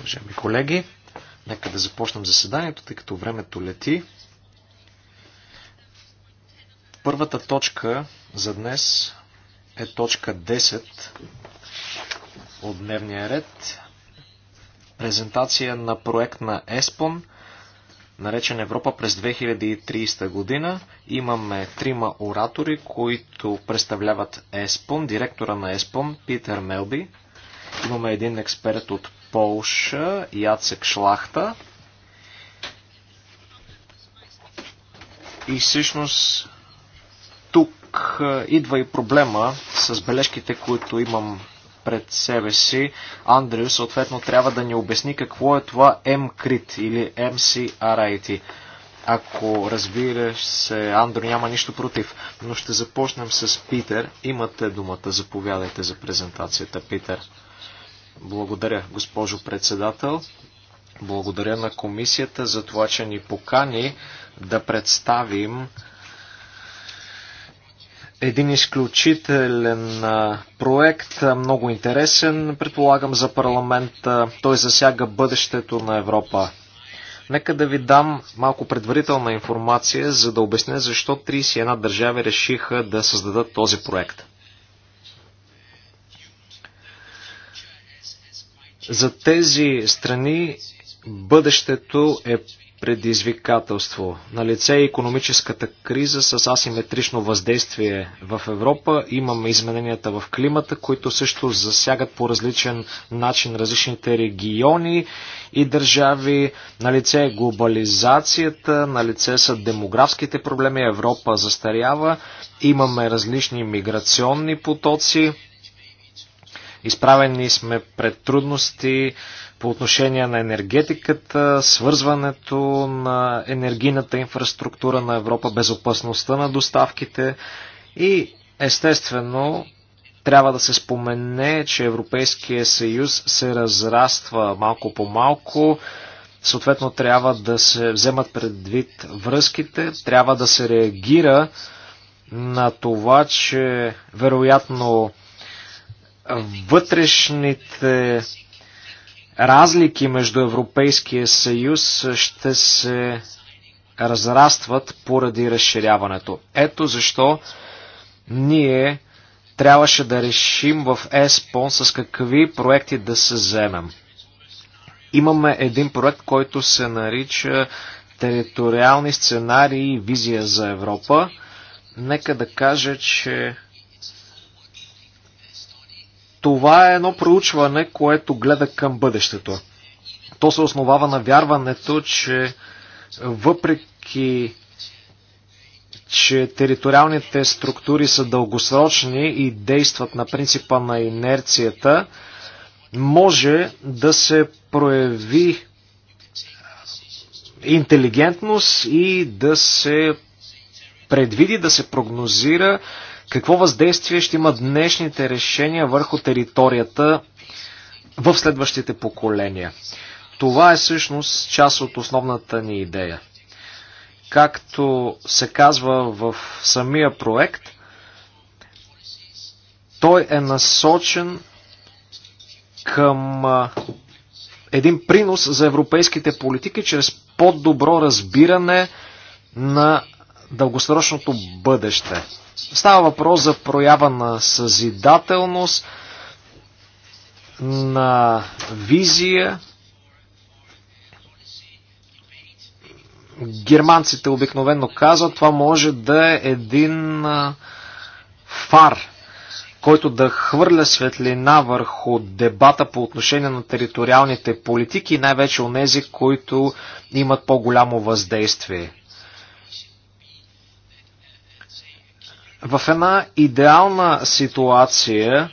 Уважаеми колеги, нека да започнем заседанието, тъй като времето лети. Първата точка за днес е точка 10 от дневния ред. Презентация на проект на ЕСПОН, наречен Европа през 2030 година. Имаме трима оратори, които представляват ЕСПОН, директора на ЕСПОН Питер Мелби, Имаме един експерт от Полша, Яцек Шлахта. И всъщност тук е, идва и проблема с бележките, които имам пред себе си. Андрю съответно трябва да ни обясни какво е това MCRIT или MCRIT. Ако разбира се, Андро няма нищо против, но ще започнем с Питер. Имате думата, заповядайте за презентацията, Питер. Благодаря, госпожо председател. Благодаря на комисията за това, че ни покани да представим един изключителен проект, много интересен, предполагам, за парламента. Той засяга бъдещето на Европа. Нека да ви дам малко предварителна информация, за да обясня защо 31 държави решиха да създадат този проект. За тези страни бъдещето е предизвикателство. На лице е економическата криза с асиметрично въздействие в Европа. Имаме измененията в климата, които също засягат по различен начин различните региони и държави. На лице е глобализацията, на лице са демографските проблеми. Европа застарява. Имаме различни миграционни потоци. Изправени сме пред трудности по отношение на енергетиката, свързването на енергийната инфраструктура на Европа, безопасността на доставките и естествено трябва да се спомене, че Европейския съюз се разраства малко по малко. Съответно, трябва да се вземат предвид връзките, трябва да се реагира на това, че вероятно вътрешните разлики между Европейския съюз ще се разрастват поради разширяването. Ето защо ние трябваше да решим в ЕСПОН с какви проекти да се вземем. Имаме един проект, който се нарича Териториални сценарии и визия за Европа. Нека да кажа, че това е едно проучване, което гледа към бъдещето. То се основава на вярването, че въпреки че териториалните структури са дългосрочни и действат на принципа на инерцията, може да се прояви интелигентност и да се предвиди, да се прогнозира какво въздействие ще имат днешните решения върху територията в следващите поколения? Това е всъщност част от основната ни идея. Както се казва в самия проект, той е насочен към един принос за европейските политики чрез по-добро разбиране на дългосрочното бъдеще Става въпрос за проява на съзидателност, на визия. Германците обикновено казват, това може да е един фар, който да хвърля светлина върху дебата по отношение на териториалните политики и най-вече у нези, които имат по-голямо въздействие. В една идеална ситуация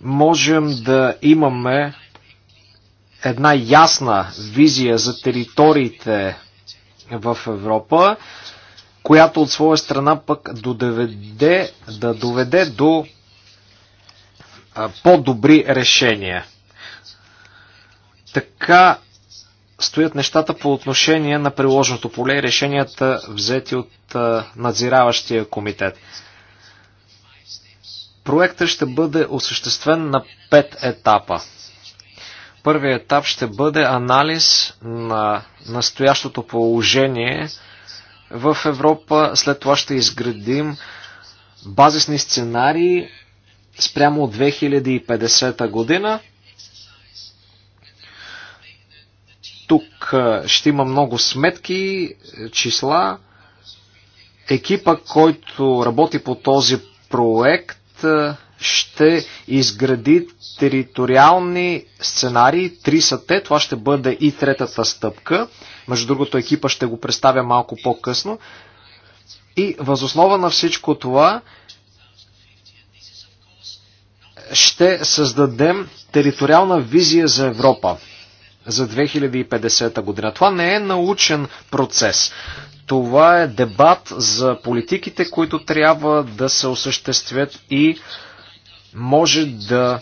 можем да имаме една ясна визия за териториите в Европа, която от своя страна пък доведе, да доведе до по-добри решения. Така стоят нещата по отношение на приложното поле и решенията взети от надзираващия комитет. Проектът ще бъде осъществен на пет етапа. Първият етап ще бъде анализ на настоящото положение в Европа. След това ще изградим базисни сценарии спрямо от 2050 година. Тук ще има много сметки, числа. Екипа, който работи по този проект, ще изгради териториални сценарии. Три са те. Това ще бъде и третата стъпка. Между другото, екипа ще го представя малко по-късно. И възоснова на всичко това ще създадем териториална визия за Европа за 2050 година. Това не е научен процес. Това е дебат за политиките, които трябва да се осъществят и може да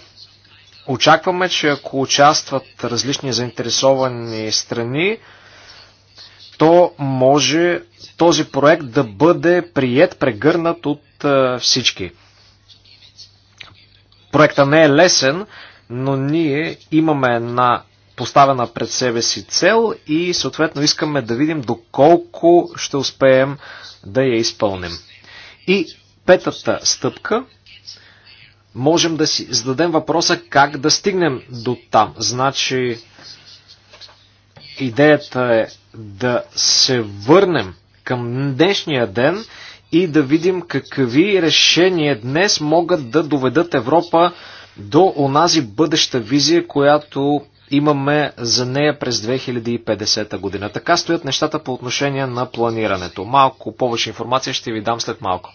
очакваме, че ако участват различни заинтересовани страни, то може този проект да бъде прият, прегърнат от е, всички. Проекта не е лесен, но ние имаме една поставена пред себе си цел и съответно искаме да видим доколко ще успеем да я изпълним. И петата стъпка можем да си зададем въпроса как да стигнем до там. Значи идеята е да се върнем към днешния ден и да видим какви решения днес могат да доведат Европа до онази бъдеща визия, която имаме за нея през 2050 година. Така стоят нещата по отношение на планирането. Малко повече информация ще ви дам след малко.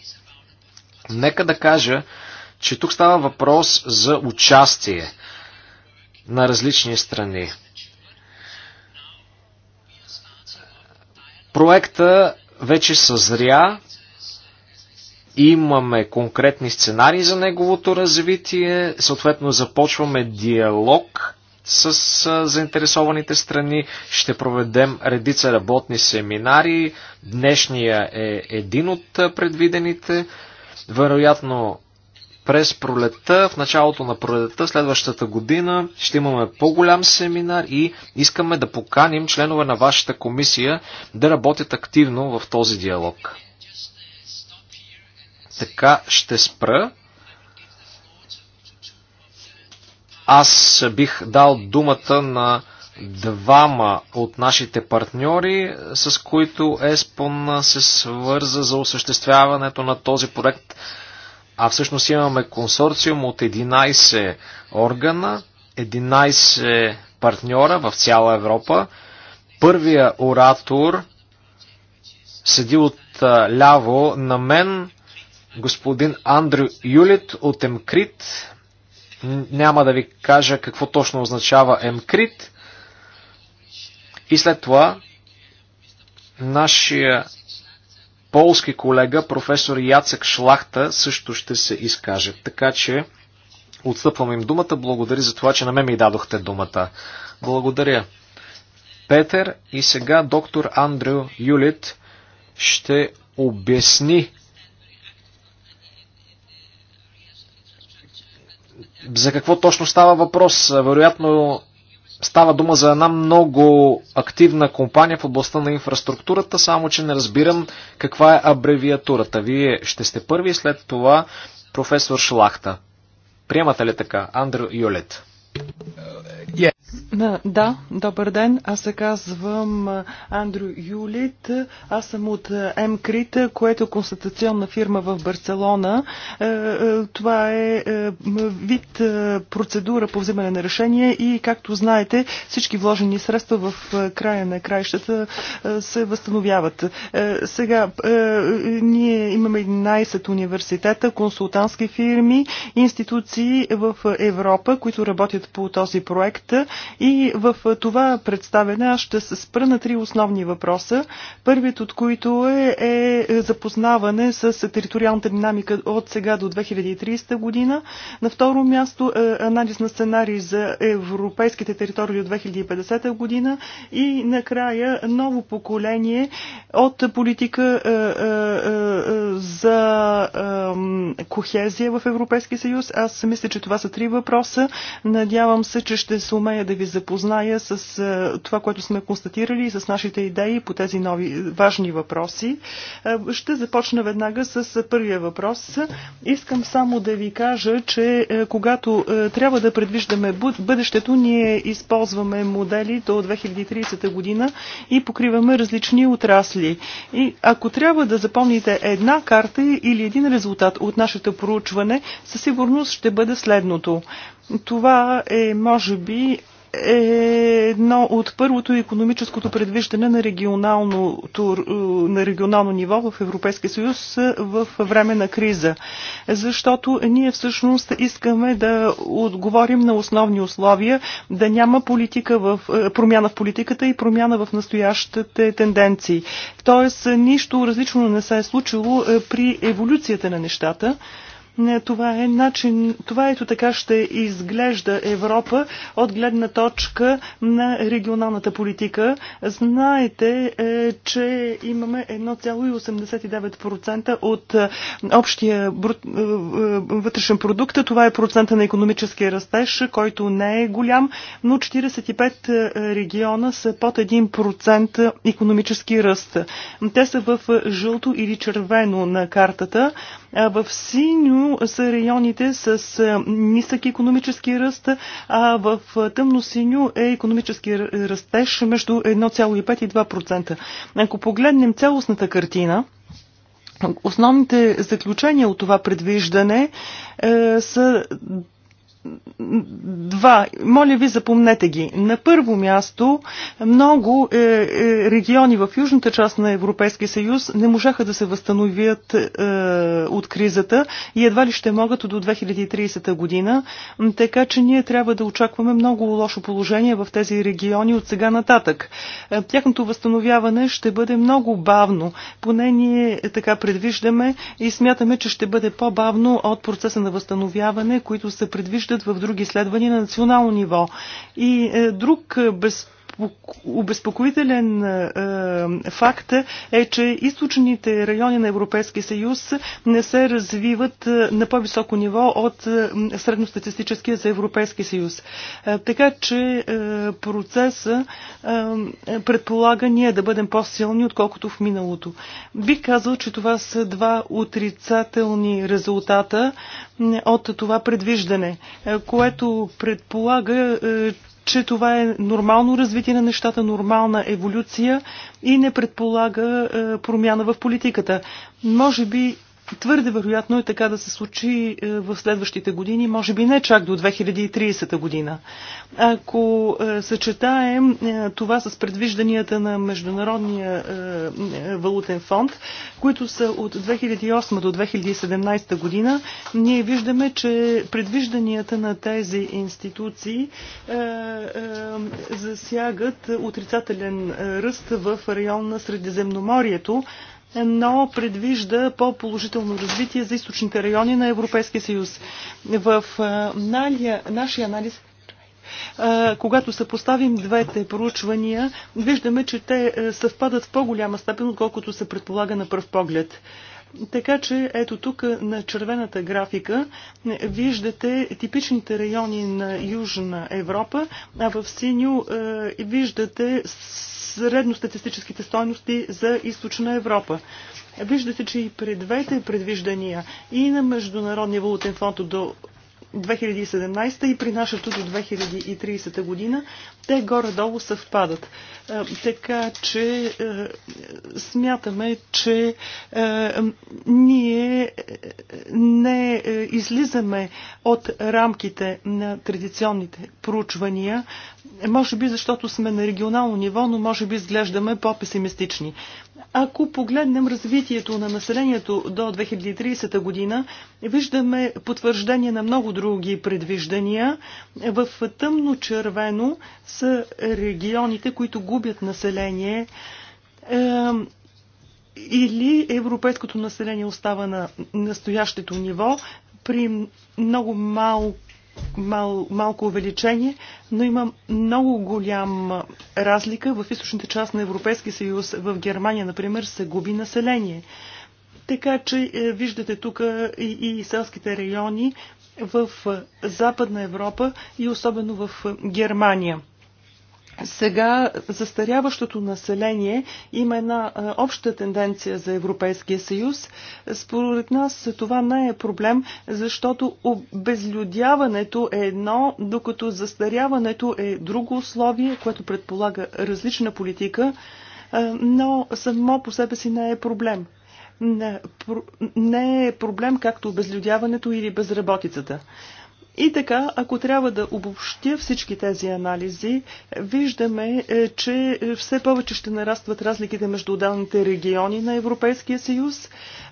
Нека да кажа, че тук става въпрос за участие на различни страни. Проекта вече съзря, имаме конкретни сценарии за неговото развитие, съответно започваме диалог с заинтересованите страни. Ще проведем редица работни семинари. Днешния е един от предвидените. Вероятно през пролета, в началото на пролета, следващата година, ще имаме по-голям семинар и искаме да поканим членове на вашата комисия да работят активно в този диалог. Така ще спра Аз бих дал думата на двама от нашите партньори, с които ЕСПОН се свърза за осъществяването на този проект. А всъщност имаме консорциум от 11 органа, 11 партньора в цяла Европа. Първия оратор седи от ляво на мен господин Андрю Юлит от Емкрит, няма да ви кажа какво точно означава Емкрит, И след това нашия полски колега, професор Яцек Шлахта, също ще се изкаже. Така че отстъпвам им думата. Благодаря за това, че на мен ми дадохте думата. Благодаря. Петър и сега доктор Андрю Юлит ще обясни За какво точно става въпрос? Вероятно става дума за една много активна компания в областта на инфраструктурата, само че не разбирам каква е абревиатурата. Вие ще сте първи, след това професор Шлахта. Приемате ли така? Андрю Юлет. Е, да, добър ден. Аз се казвам Андрю Юлит. Аз съм от МКРИТ, което е констатационна фирма в Барселона. Е, е, това е вид процедура по взимане на решение и, както знаете, всички вложени средства в края на краищата се възстановяват. Сега, ние имаме 11 университета, консултантски фирми, институции в Европа, които работят работят по този проект и в това представене аз ще се спра на три основни въпроса. Първият от които е, е запознаване с териториалната динамика от сега до 2030 година. На второ място е анализ на сценарии за европейските територии от 2050 година и накрая ново поколение от политика е, е, е за кохезия в Европейския съюз. Аз мисля, че това са три въпроса. на. Надявам се, че ще се умея да ви запозная с е, това, което сме констатирали и с нашите идеи по тези нови важни въпроси. Е, ще започна веднага с е, първия въпрос. Искам само да ви кажа, че когато трябва да предвиждаме бъдещето, ние използваме модели до 2030 година и покриваме различни отрасли. И ако трябва да запомните една карта или един резултат от нашето проучване, със сигурност ще бъде следното. Това е, може би, е едно от първото економическото предвиждане на, е, на регионално ниво в Европейския съюз е, в време на криза. Защото ние всъщност искаме да отговорим на основни условия, да няма политика в, е, промяна в политиката и промяна в настоящите тенденции. Тоест, нищо различно не се е случило при еволюцията на нещата. Това е начин, това ето така ще изглежда Европа от гледна точка на регионалната политика. Знаете, е, че имаме 1,89% от е, общия е, вътрешен продукт. Това е процента на економическия растеж, който не е голям, но 45 региона са под 1% економически ръст. Те са в жълто или червено на картата. В синьо са районите с нисък економически ръст, а в тъмно синьо е економически растеж между 1,5 и 2%. Ако погледнем цялостната картина, Основните заключения от това предвиждане е, са два. Моля ви, запомнете ги. На първо място, много е, е, региони в южната част на Европейския съюз не можаха да се възстановят е, от кризата и едва ли ще могат до 2030 година, така че ние трябва да очакваме много лошо положение в тези региони от сега нататък. Е, тяхното възстановяване ще бъде много бавно. Поне ние е, така предвиждаме и смятаме, че ще бъде по-бавно от процеса на възстановяване, които се предвижда отчитат в други изследвания на национално ниво. И е, друг е, без обезпокоителен е, е, факт е, че източните райони на Европейския съюз не се развиват е, на по-високо ниво от средностатистическия за Европейския съюз. Така че процеса предполага ние да бъдем по-силни, отколкото в миналото. Бих казал, че това са два отрицателни резултата от това предвиждане, което предполага, че това е нормално развитие на нещата, нормална еволюция и не предполага е, промяна в политиката. Може би Твърде вероятно е така да се случи е, в следващите години, може би не чак до 2030 година. Ако е, съчетаем е, това с предвижданията на Международния валутен фонд, които са от 2008 до 2017 година, ние виждаме, че предвижданията на тези институции засягат отрицателен ръст в район на Средиземноморието, но предвижда по-положително развитие за източните райони на Европейския съюз. В нашия анализ когато съпоставим двете проучвания, виждаме, че те съвпадат в по-голяма степен, отколкото се предполага на пръв поглед. Така че ето тук на червената графика виждате типичните райони на Южна Европа, а в синьо виждате средностатистическите стойности за източна Европа. Вижда се, че и при двете предвиждания и на Международния валутен фонд до 2017 и при нашето до 2030 година, те горе-долу съвпадат. Е, така че е, смятаме, че е, ние не излизаме от рамките на традиционните проучвания, може би защото сме на регионално ниво, но може би изглеждаме по-песимистични. Ако погледнем развитието на населението до 2030 година, виждаме потвърждение на много други предвиждания. В тъмно-червено са регионите, които губят население или европейското население остава на настоящето ниво при много малко мал, малко увеличение, но има много голям разлика в източната част на Европейския съюз. В Германия, например, се губи население. Така че е, виждате тук и, и селските райони в е, Западна Европа и особено в е, Германия. Сега застаряващото население има една обща тенденция за Европейския съюз. Според нас това не е проблем, защото обезлюдяването е едно, докато застаряването е друго условие, което предполага различна политика, но само по себе си не е проблем. Не е проблем както обезлюдяването или безработицата. И така, ако трябва да обобщя всички тези анализи, виждаме, е, че все повече ще нарастват разликите между отделните региони на Европейския съюз.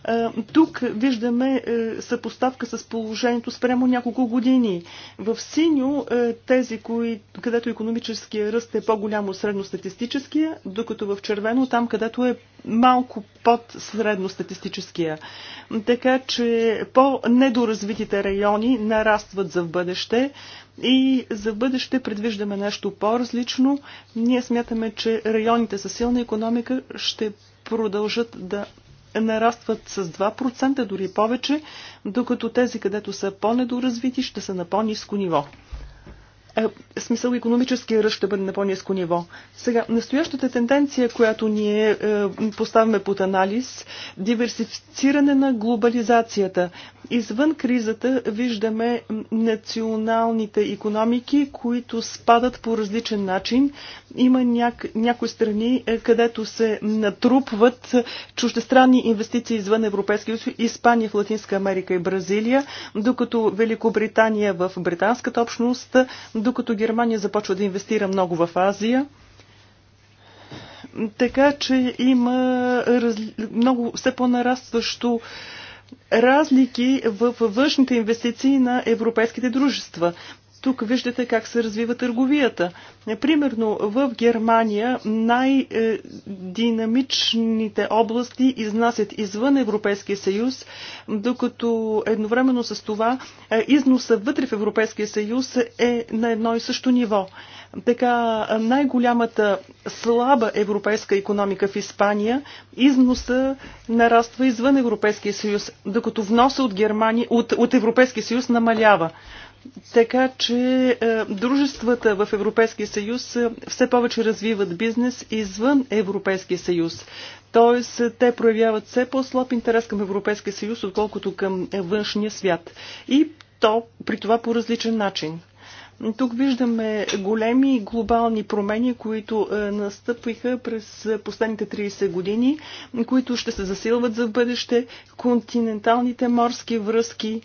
Е, тук виждаме е, съпоставка с положението спрямо няколко години. В синьо тези, кои, където економическия ръст е по-голям от средностатистическия, докато в червено там, където е малко под средностатистическия. Така че по-недоразвитите райони нарастват планът за в бъдеще и за в бъдеще предвиждаме нещо по-различно. Ние смятаме, че районите с силна економика ще продължат да нарастват с 2%, дори повече, докато тези, където са по-недоразвити, ще са на по-низко ниво в е, смисъл економическия ръст ще бъде на по-низко ниво. Сега, настоящата тенденция, която ние е, поставяме под анализ, диверсифициране на глобализацията. Извън кризата виждаме националните економики, които спадат по различен начин. Има няк... някои страни, е, където се натрупват чуждестранни инвестиции извън Европейския съюз, Испания в Латинска Америка и Бразилия, докато Великобритания в Британската общност, докато Германия започва да инвестира много в Азия. Така че има много все по-нарастващо разлики в външните инвестиции на европейските дружества. Тук виждате как се развива търговията. Примерно в Германия най-динамичните области изнасят извън Европейския съюз, докато едновременно с това е, износа вътре в Европейския съюз е на едно и също ниво така най-голямата слаба европейска економика в Испания, износа нараства извън Европейския съюз, докато вноса от, Германия, от, от Европейския съюз намалява. Така че е, дружествата в Европейския съюз е, все повече развиват бизнес извън Европейския съюз. Тоест, е, те проявяват все по-слаб интерес към Европейския съюз, отколкото към е, външния свят. И то при това по различен начин. Тук виждаме големи глобални промени, които е, настъпиха през последните 30 години, които ще се засилват за бъдеще. Континенталните морски връзки,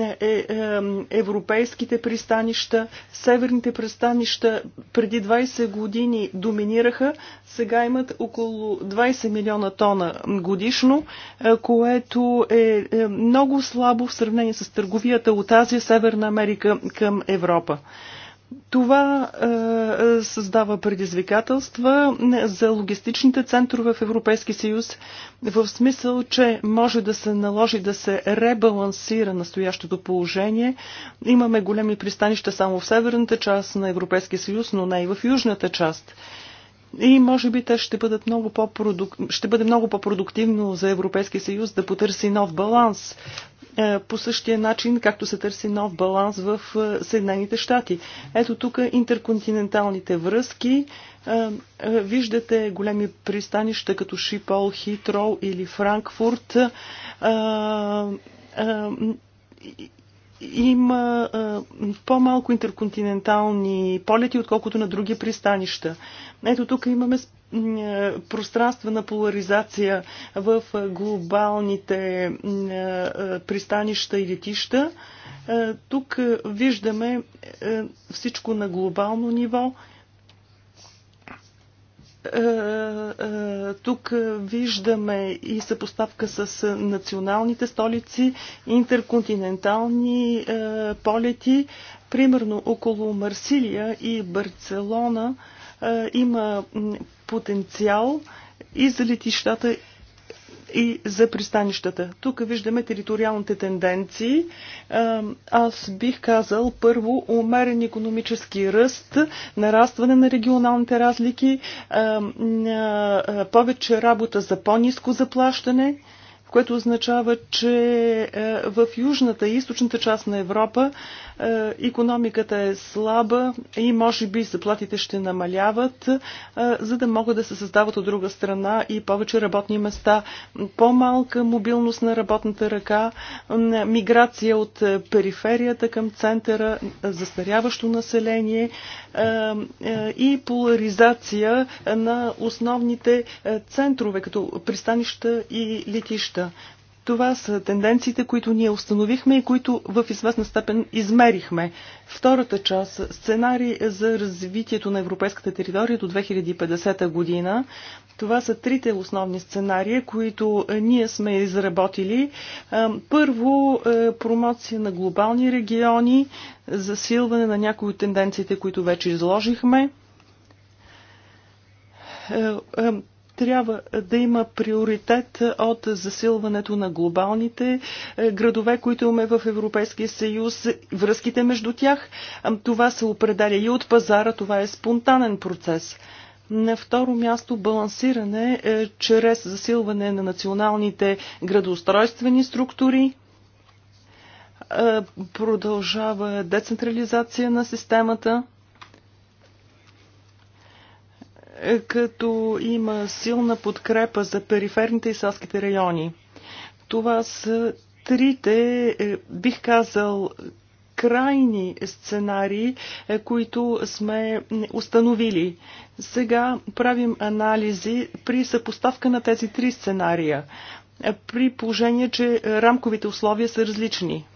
е, е, европейските пристанища, северните пристанища преди 20 години доминираха, сега имат около 20 милиона тона годишно, е, което е много слабо в сравнение с търговията от Азия, Северна Америка към Европа. Това е, е, създава предизвикателства за логистичните центрове в Европейски съюз, в смисъл, че може да се наложи да се ребалансира настоящото положение. Имаме големи пристанища само в северната част на Европейския съюз, но не и в южната част. И може би те ще, бъдат много по ще бъде много по-продуктивно за Европейския съюз да потърси нов баланс. Е, по същия начин, както се търси нов баланс в е, Съединените щати. Ето тук интерконтиненталните връзки. Е, виждате големи пристанища като Шипол, Хитроу или Франкфурт. Има по-малко интерконтинентални полети, отколкото на други пристанища. Ето тук имаме пространствена поларизация в глобалните е, пристанища и летища. Е, тук виждаме е, всичко на глобално ниво. Тук виждаме и съпоставка с националните столици, интерконтинентални полети. Примерно около Марсилия и Барселона има потенциал и за летищата и за пристанищата. Тук виждаме териториалните тенденции. Аз бих казал първо умерен економически ръст, нарастване на регионалните разлики, повече работа за по-низко заплащане, което означава, че е, в южната и източната част на Европа економиката е слаба и може би заплатите ще намаляват, е, за да могат да се създават от друга страна и повече работни места, по-малка мобилност на работната ръка, миграция от е, периферията към центъра, застаряващо население и поляризация на основните центрове, като пристанища и летища кризата. Това са тенденциите, които ние установихме и които в известна степен измерихме. Втората част – сценарий за развитието на европейската територия до 2050 година. Това са трите основни сценария, които ние сме изработили. Първо, е, промоция на глобални региони, засилване на някои от тенденциите, които вече изложихме е, е, трябва да има приоритет от засилването на глобалните е, градове, които имаме в Европейския съюз, връзките между тях. Това се определя и от пазара, това е спонтанен процес. На второ място балансиране е, чрез засилване на националните градоустройствени структури. Е, продължава децентрализация на системата като има силна подкрепа за периферните и селските райони. Това са трите, е, бих казал, крайни сценарии, е, които сме установили. Сега правим анализи при съпоставка на тези три сценария, при положение, че рамковите условия са различни.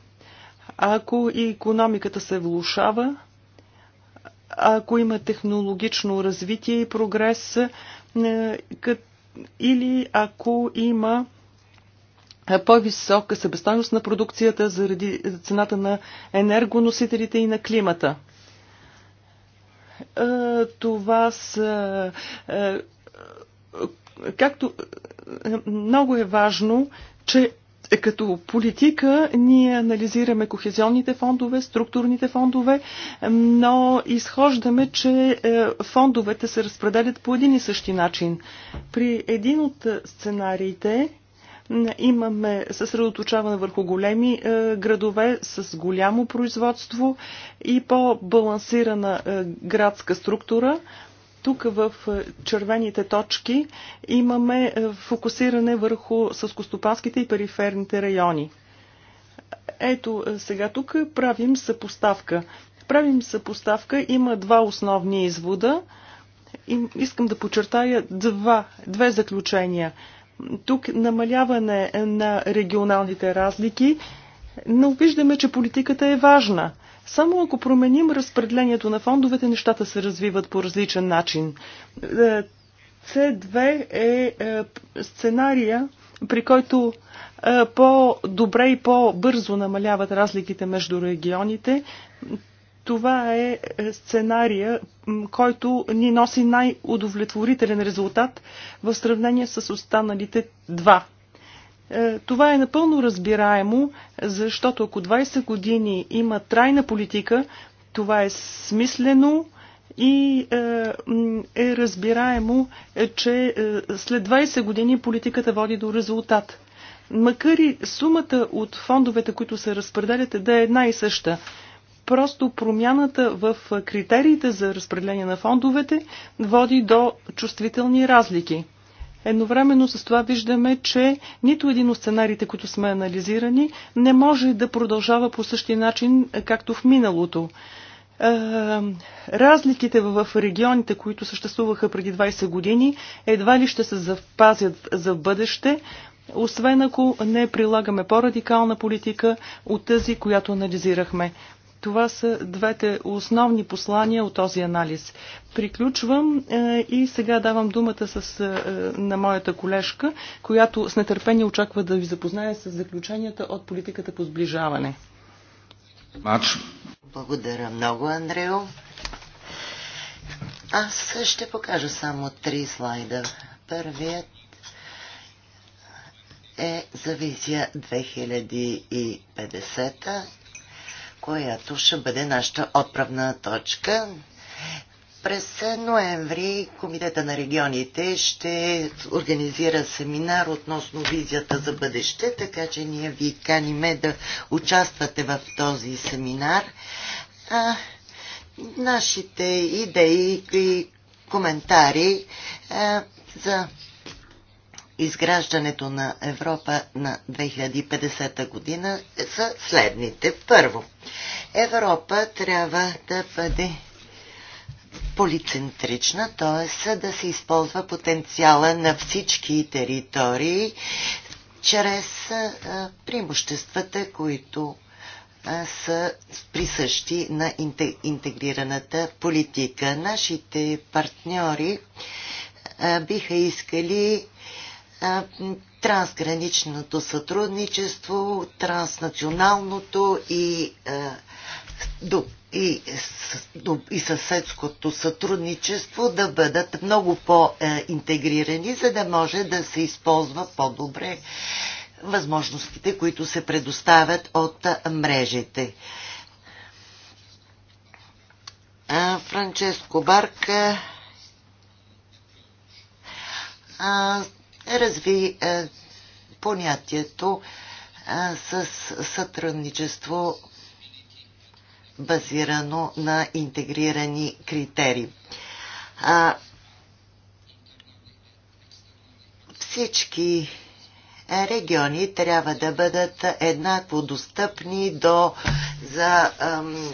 Ако и економиката се влушава, ако има технологично развитие и прогрес, е, или ако има по-висока събестойност на продукцията заради цената на енергоносителите и на климата. Е, това са е, както много е важно, че е, като политика ние анализираме кохезионните фондове, структурните фондове, но изхождаме, че е, фондовете се разпределят по един и същи начин. При един от е, сценариите имаме съсредоточаване върху големи градове с голямо производство и по-балансирана градска структура, тук в е, червените точки имаме е, фокусиране върху съскостопанските и периферните райони. Ето е, сега тук правим съпоставка. Правим съпоставка. Има два основни извода. и Искам да подчертая два, две заключения. Тук намаляване на регионалните разлики, но виждаме, че политиката е важна. Само ако променим разпределението на фондовете, нещата се развиват по различен начин. Е, С2 е, е сценария, при който е, по-добре и по-бързо намаляват разликите между регионите. Това е сценария, който ни носи най-удовлетворителен резултат в сравнение с останалите два е, това е напълно разбираемо, защото ако 20 години има трайна политика, това е смислено и е, е разбираемо, е, че след 20 години политиката води до резултат. Макар и сумата от фондовете, които се разпределят, да е една и съща просто промяната в критериите за разпределение на фондовете води до чувствителни разлики. Едновременно с това виждаме, че нито един от сценариите, които сме анализирани, не може да продължава по същия начин, както в миналото е, разликите в регионите, които съществуваха преди 20 години, едва ли ще се запазят за бъдеще, освен ако не прилагаме по-радикална политика от тази, която анализирахме. Това са двете основни послания от този анализ. Приключвам е, и сега давам думата с, е, на моята колежка, която с нетърпение очаква да ви запознае с заключенията от политиката по сближаване. Мач. Благодаря много, Андрео. Аз ще покажа само три слайда. Първият е за визия 2050 която ще бъде нашата отправна точка. През ноември Комитета на регионите ще организира семинар относно визията за бъдеще, така че ние ви каниме да участвате в този семинар. А, нашите идеи и коментари а, за изграждането на Европа на 2050 година са следните. Първо, Европа трябва да бъде полицентрична, т.е. да се използва потенциала на всички територии чрез преимуществата, които са присъщи на интегрираната политика. Нашите партньори биха искали трансграничното сътрудничество, транснационалното и, и, и съседското сътрудничество да бъдат много по-интегрирани, за да може да се използва по-добре възможностите, които се предоставят от мрежите. Франческо Барка разви е, понятието е, с сътрудничество базирано на интегрирани критерии. А, всички региони трябва да бъдат еднакво достъпни до за ам,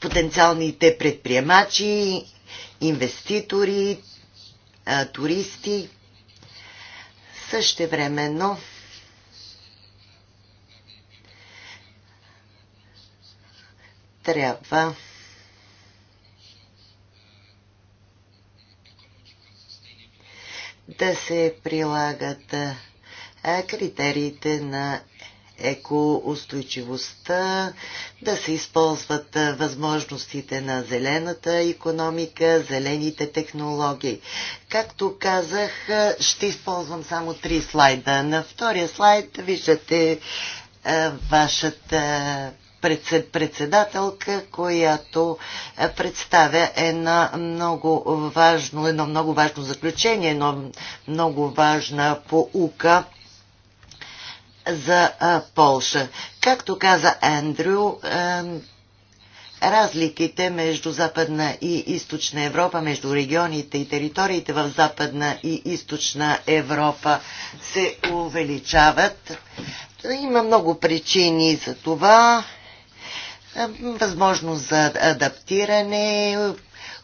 потенциалните предприемачи, инвеститори, а, туристи. Същевременно трябва да се прилагат критериите на екоустойчивостта, да се използват възможностите на зелената економика, зелените технологии. Както казах, ще използвам само три слайда. На втория слайд виждате вашата председателка, която представя едно много важно, едно много важно заключение, едно много важна поука за а, Полша. Както каза Андрю, а, разликите между Западна и Източна Европа, между регионите и териториите в Западна и Източна Европа се увеличават. Има много причини за това. Възможност за адаптиране,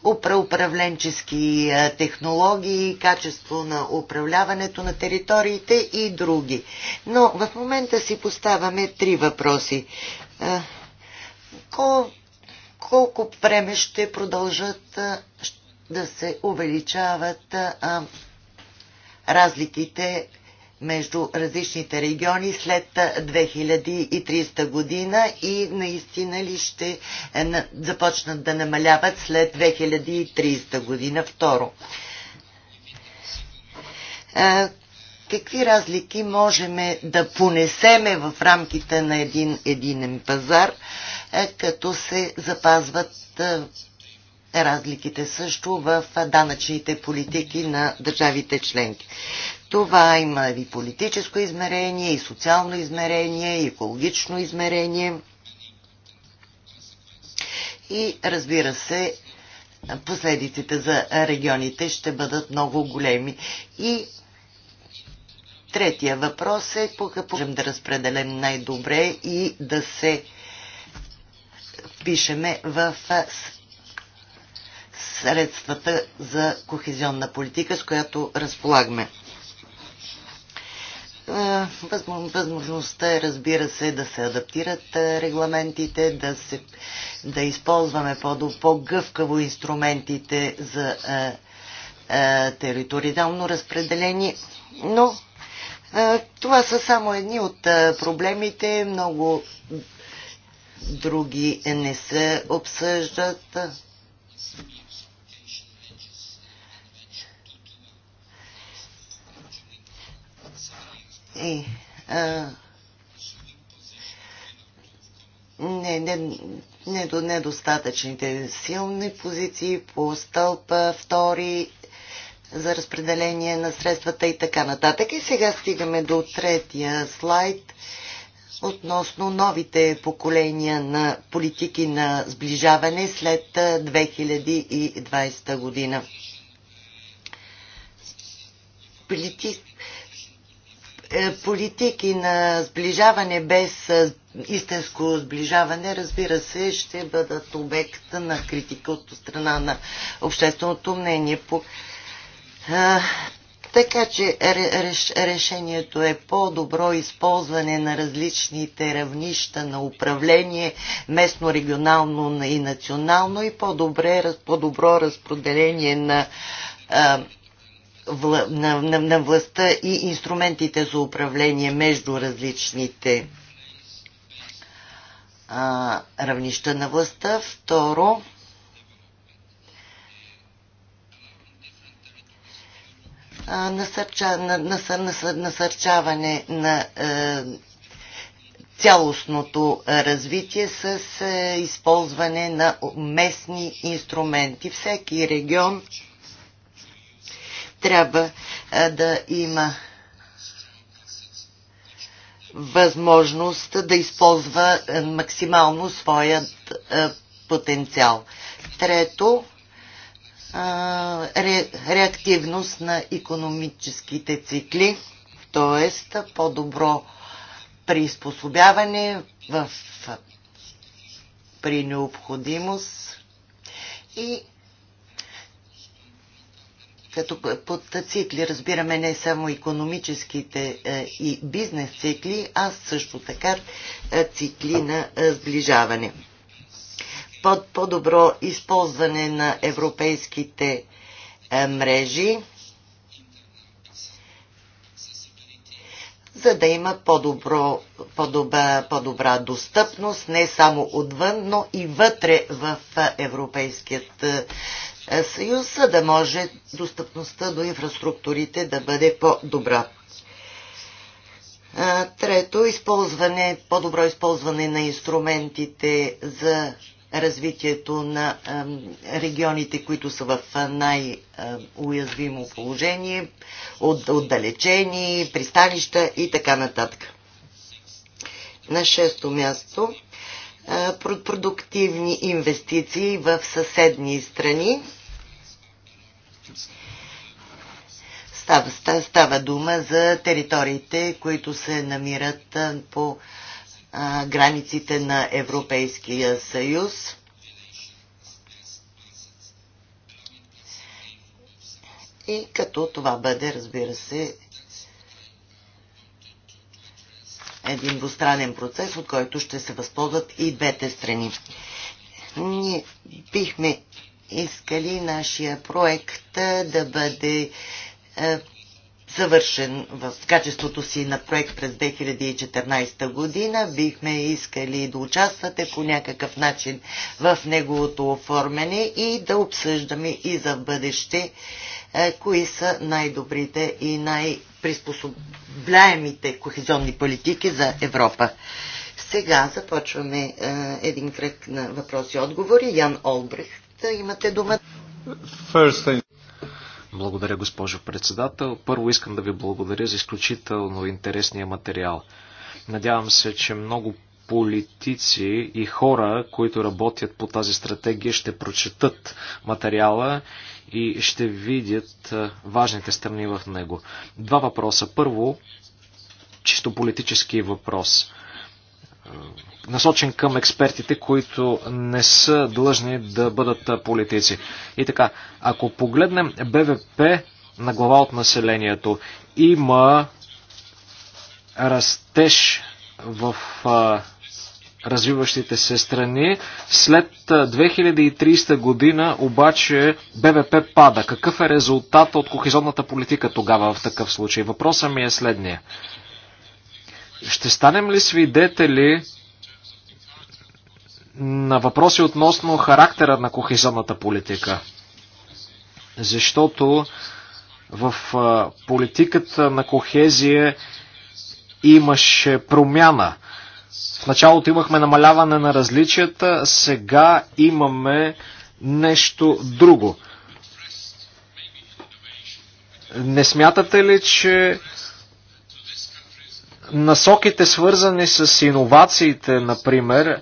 управленчески е, технологии, качество на управляването на териториите и други. Но в момента си поставяме три въпроси. Е, Кол, колко време ще продължат е, да се увеличават разликите между различните региони след 2030 година и наистина ли ще е, започнат да намаляват след 2030 година? Второ, е, какви разлики можем да понесеме в рамките на един единен пазар, е, като се запазват разликите също в данъчните политики на държавите членки. Това има и политическо измерение, и социално измерение, и екологично измерение. И разбира се, последиците за регионите ще бъдат много големи. И третия въпрос е какво можем да разпределим най-добре и да се впишеме в средствата за кохезионна политика, с която разполагаме. Е, възможността е, разбира се, да се адаптират е, регламентите, да, се, да използваме по-гъвкаво по инструментите за е, териториално разпределение, но това са само едни от проблемите, много други не се обсъждат. И, е, а, не, не, недостатъчните не силни позиции по стълпа, втори за разпределение на средствата и така нататък. И сега стигаме до третия слайд относно новите поколения на политики на сближаване след 2020 година. Политик, е, политики на сближаване без е, истинско сближаване, разбира се, ще бъдат обект на критика от страна на общественото мнение. По, е, така че решението е по-добро използване на различните равнища на управление, местно, регионално и национално и по-добре, по-добро разпределение на а, на, на, на властта и инструментите за управление между различните а, равнища на властта. Второ, насърчаване на е, цялостното развитие с е, използване на местни инструменти. Всеки регион трябва да има възможност да използва максимално своят потенциал. Трето, ре, реактивност на економическите цикли, т.е. по-добро приспособяване в, при необходимост и като под цикли разбираме не само економическите е, и бизнес цикли, а също така е, цикли на е, сближаване. Под по-добро използване на европейските мрежи, за да има по-добро, по-добра, по-добра достъпност не само отвън, но и вътре в Европейският съюз, за да може достъпността до инфраструктурите да бъде по-добра. Трето, използване, по-добро използване на инструментите за развитието на регионите, които са в най-уязвимо положение, отдалечени, пристанища и така нататък. На шесто място продуктивни инвестиции в съседни страни. Става, става, дума за териториите, които се намират по границите на Европейския съюз. И като това бъде, разбира се, един двустранен процес, от който ще се възползват и двете страни. Ние бихме искали нашия проект да бъде завършен в качеството си на проект през 2014 година. Бихме искали да участвате по някакъв начин в неговото оформяне и да обсъждаме и за бъдеще е, кои са най-добрите и най-приспособляемите кохезионни политики за Европа. Сега започваме е, един кръг на въпроси и отговори. Ян Олбрехт, имате дума. Благодаря, госпожо председател. Първо искам да ви благодаря за изключително интересния материал. Надявам се, че много политици и хора, които работят по тази стратегия, ще прочетат материала и ще видят важните страни в него. Два въпроса. Първо, чисто политически въпрос насочен към експертите, които не са длъжни да бъдат политици. И така, ако погледнем БВП на глава от населението, има растеж в развиващите се страни. След 2030 година обаче БВП пада. Какъв е резултат от кохезионната политика тогава в такъв случай? Въпросът ми е следния. Ще станем ли свидетели на въпроси относно характера на кохезионната политика? Защото в политиката на кохезия имаше промяна – в началото имахме намаляване на различията, сега имаме нещо друго. Не смятате ли, че насоките свързани с иновациите, например, е,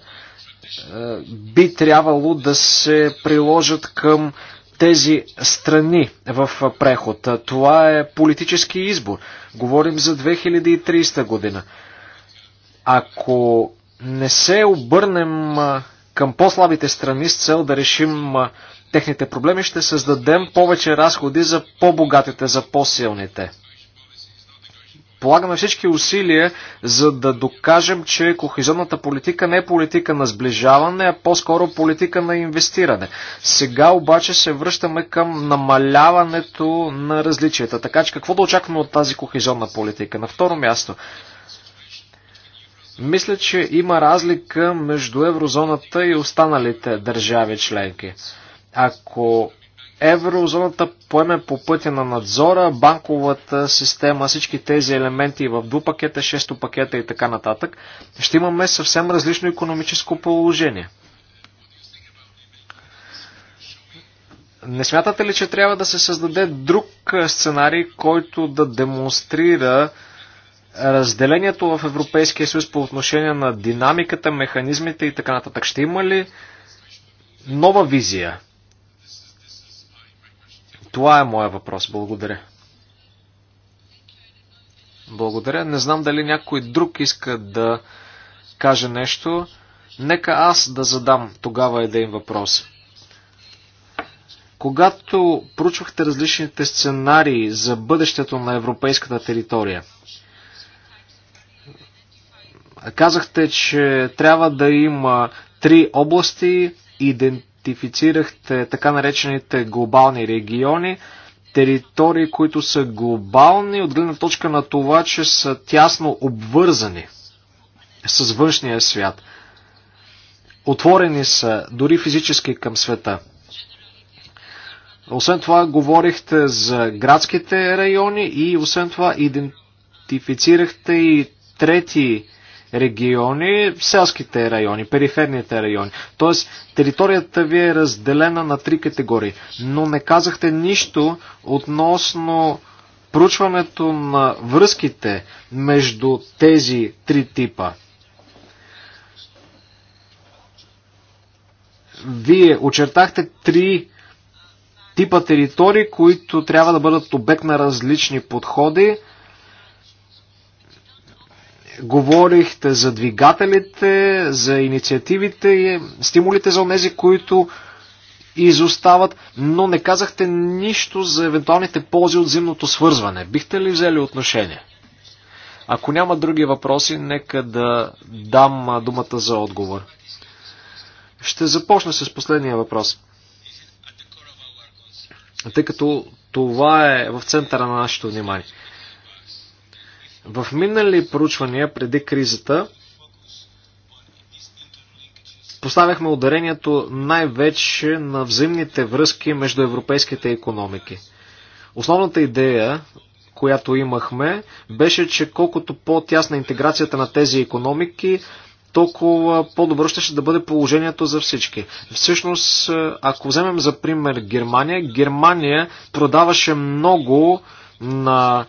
би трябвало да се приложат към тези страни в преход. Това е политически избор. Говорим за 2030 година. Ако не се обърнем към по-слабите страни с цел да решим техните проблеми, ще създадем повече разходи за по-богатите, за по-силните. Полагаме всички усилия, за да докажем, че кохезионната политика не е политика на сближаване, а по-скоро политика на инвестиране. Сега обаче се връщаме към намаляването на различията. Така че какво да очакваме от тази кохезионна политика? На второ място, мисля, че има разлика между еврозоната и останалите държави членки. Ако еврозоната поеме по пътя на надзора, банковата система, всички тези елементи в ду пакета, шесто пакета и така нататък, ще имаме съвсем различно економическо положение. Не смятате ли, че трябва да се създаде друг сценарий, който да демонстрира разделението в Европейския съюз по отношение на динамиката, механизмите и така нататък. Ще има ли нова визия? Това е моя въпрос. Благодаря. Благодаря. Не знам дали някой друг иска да каже нещо. Нека аз да задам тогава един въпрос. Когато проучвахте различните сценарии за бъдещето на европейската територия – Казахте, че трябва да има три области, идентифицирахте така наречените глобални региони, територии, които са глобални, от гледна точка на това, че са тясно обвързани с външния свят. Отворени са, дори физически към света. Освен това, говорихте за градските райони и освен това идентифицирахте и трети региони, селските райони, периферните райони. Тоест, територията ви е разделена на три категории. Но не казахте нищо относно проучването на връзките между тези три типа. Вие очертахте три типа територии, които трябва да бъдат обект на различни подходи. Говорихте за двигателите, за инициативите и стимулите за тези, които изостават, но не казахте нищо за евентуалните ползи от зимното свързване. Бихте ли взели отношение? Ако няма други въпроси, нека да дам думата за отговор. Ще започна с последния въпрос. Тъй като това е в центъра на нашето внимание. В минали проучвания преди кризата поставяхме ударението най-вече на взаимните връзки между европейските економики. Основната идея, която имахме, беше, че колкото по-тясна е интеграцията на тези економики, толкова по-добро ще, ще да бъде положението за всички. Всъщност, ако вземем за пример Германия, Германия продаваше много на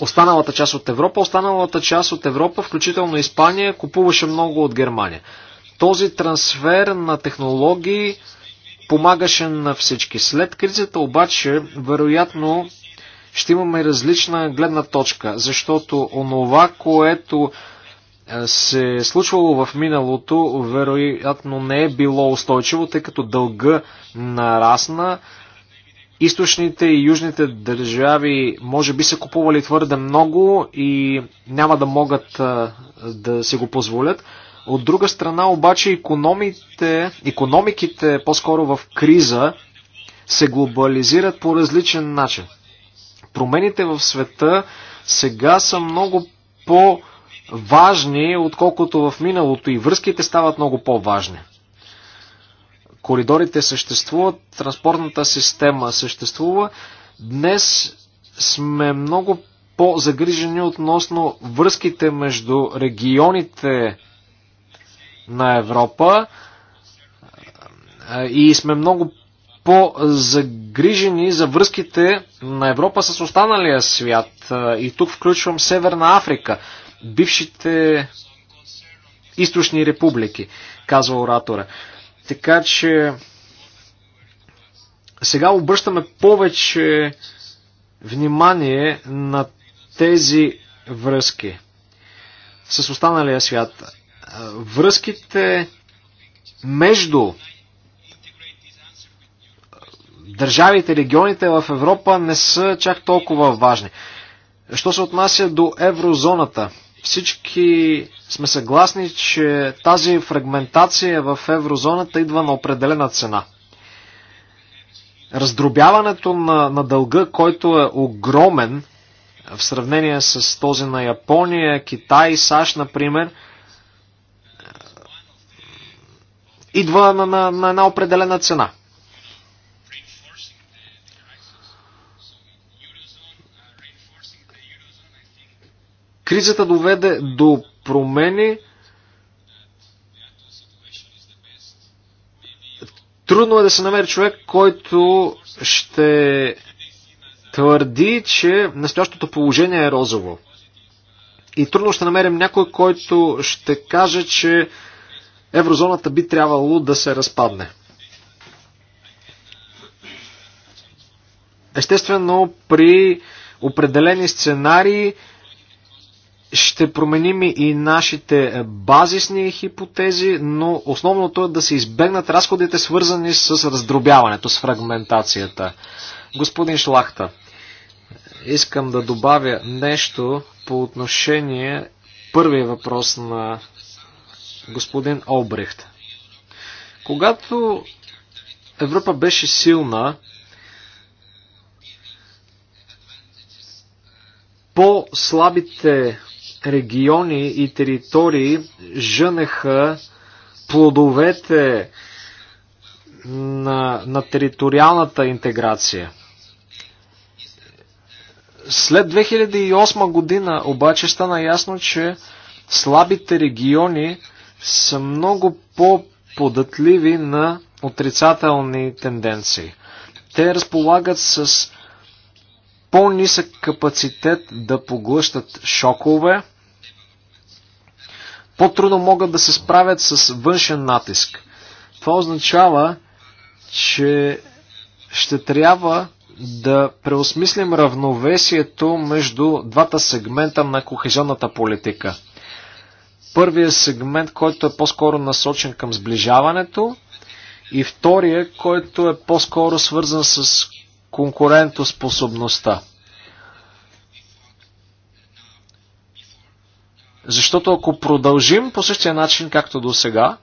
останалата част от Европа. Останалата част от Европа, включително Испания, купуваше много от Германия. Този трансфер на технологии помагаше на всички. След кризата обаче, вероятно, ще имаме различна гледна точка, защото онова, което е, се е случвало в миналото, вероятно не е било устойчиво, тъй като дълга нарасна, източните и южните държави може би са купували твърде много и няма да могат да си го позволят. От друга страна обаче економите, економиките по-скоро в криза се глобализират по различен начин. Промените в света сега са много по- важни, отколкото в миналото и връзките стават много по-важни. Коридорите съществуват, транспортната система съществува. Днес сме много по-загрижени относно връзките между регионите на Европа и сме много по-загрижени за връзките на Европа с останалия свят. И тук включвам Северна Африка, бившите източни републики, казва оратора. Така че сега обръщаме повече внимание на тези връзки с останалия свят. Връзките между държавите, регионите в Европа не са чак толкова важни. Що се отнася до еврозоната, всички сме съгласни, че тази фрагментация в еврозоната идва на определена цена. Раздробяването на, на дълга, който е огромен в сравнение с този на Япония, Китай, САЩ, например, идва на, на, на една определена цена – Кризата доведе до промени. Трудно е да се намери човек, който ще твърди, че настоящото положение е розово. И трудно ще намерим някой, който ще каже, че еврозоната би трябвало да се разпадне. Естествено, при определени сценарии ще променим и нашите е, базисни хипотези, но основното е да се избегнат разходите, свързани с раздробяването, с фрагментацията. Господин Шлахта, искам да добавя нещо по отношение първия въпрос на господин Обрехт. Когато Европа беше силна, по-слабите региони и територии жънеха плодовете на, на териториалната интеграция. След 2008 година обаче стана ясно, че слабите региони са много по-податливи на отрицателни тенденции. Те разполагат с по-нисък капацитет да поглъщат шокове, по-трудно могат да се справят с външен натиск. Това означава, че ще трябва да преосмислим равновесието между двата сегмента на кохезионната политика. Първият сегмент, който е по-скоро насочен към сближаването и втория, който е по-скоро свързан с конкурентоспособността. Защото ако продължим по същия начин, както до сега,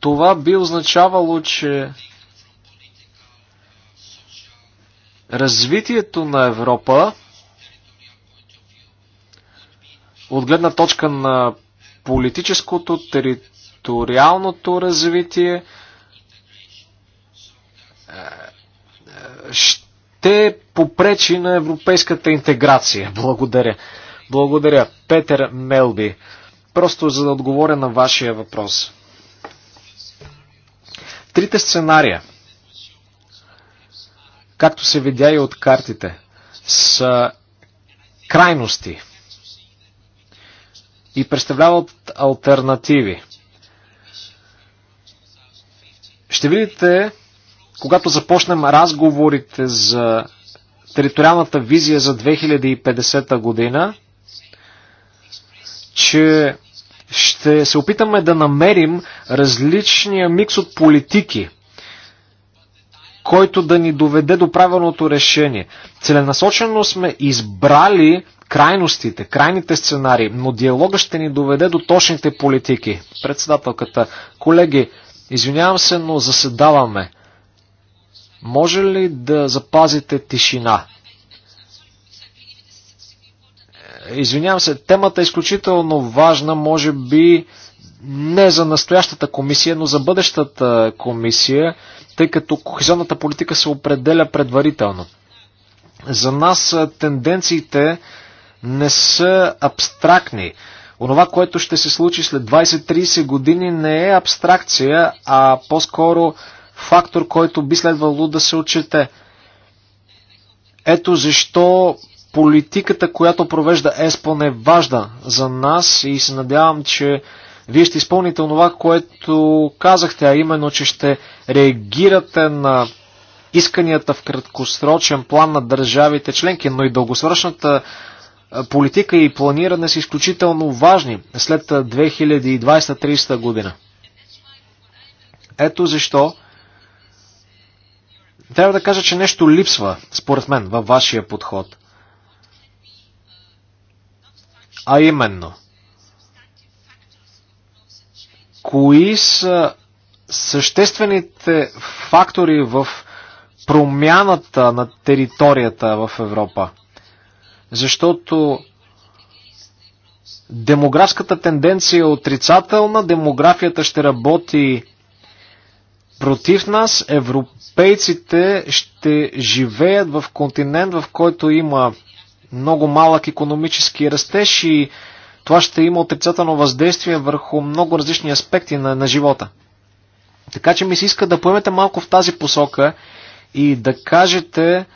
това би означавало, че развитието на Европа от гледна точка на политическото, териториалното развитие е, е, ще попречи на европейската интеграция. Благодаря. Благодаря. Петър Мелби. Просто за да отговоря на вашия въпрос. Трите сценария, както се видя и от картите, са крайности и представляват альтернативи. Ще видите, когато започнем разговорите за териториалната визия за 2050 година, че ще се опитаме да намерим различния микс от политики, който да ни доведе до правилното решение. Целенасочено сме избрали крайностите, крайните сценарии, но диалога ще ни доведе до точните политики. Председателката, колеги, извинявам се, но заседаваме. Може ли да запазите тишина? Извинявам се, темата е изключително важна, може би не за настоящата комисия, но за бъдещата комисия, тъй като кохезионната политика се определя предварително. За нас тенденциите не са абстрактни. Онова, което ще се случи след 20-30 години не е абстракция, а по-скоро фактор, който би следвало да се отчете. Ето защо политиката, която провежда ЕСПОН е важна за нас и се надявам, че вие ще изпълните това, което казахте, а именно, че ще реагирате на исканията в краткосрочен план на държавите членки, но и дългосрочната политика и планиране са изключително важни след 2020-30 година. Ето защо трябва да кажа, че нещо липсва, според мен, във вашия подход. А именно, кои са съществените фактори в промяната на територията в Европа? Защото демографската тенденция е отрицателна, демографията ще работи против нас, европейците ще живеят в континент, в който има много малък економически растеж и това ще има отрицателно въздействие върху много различни аспекти на, на живота. Така че ми се иска да поемете малко в тази посока и да кажете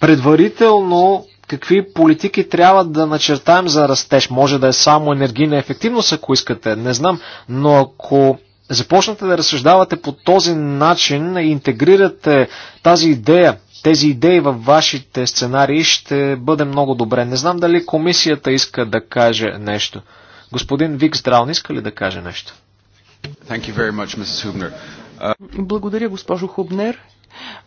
предварително какви политики трябва да начертаем за растеж. Може да е само енергийна ефективност, ако искате, не знам, но ако започнете да разсъждавате по този начин и интегрирате тази идея, тези идеи във вашите сценарии, ще бъде много добре. Не знам дали комисията иска да каже нещо. Господин Вик Здраун иска ли да каже нещо? Much, uh... Благодаря, госпожо Хубнер.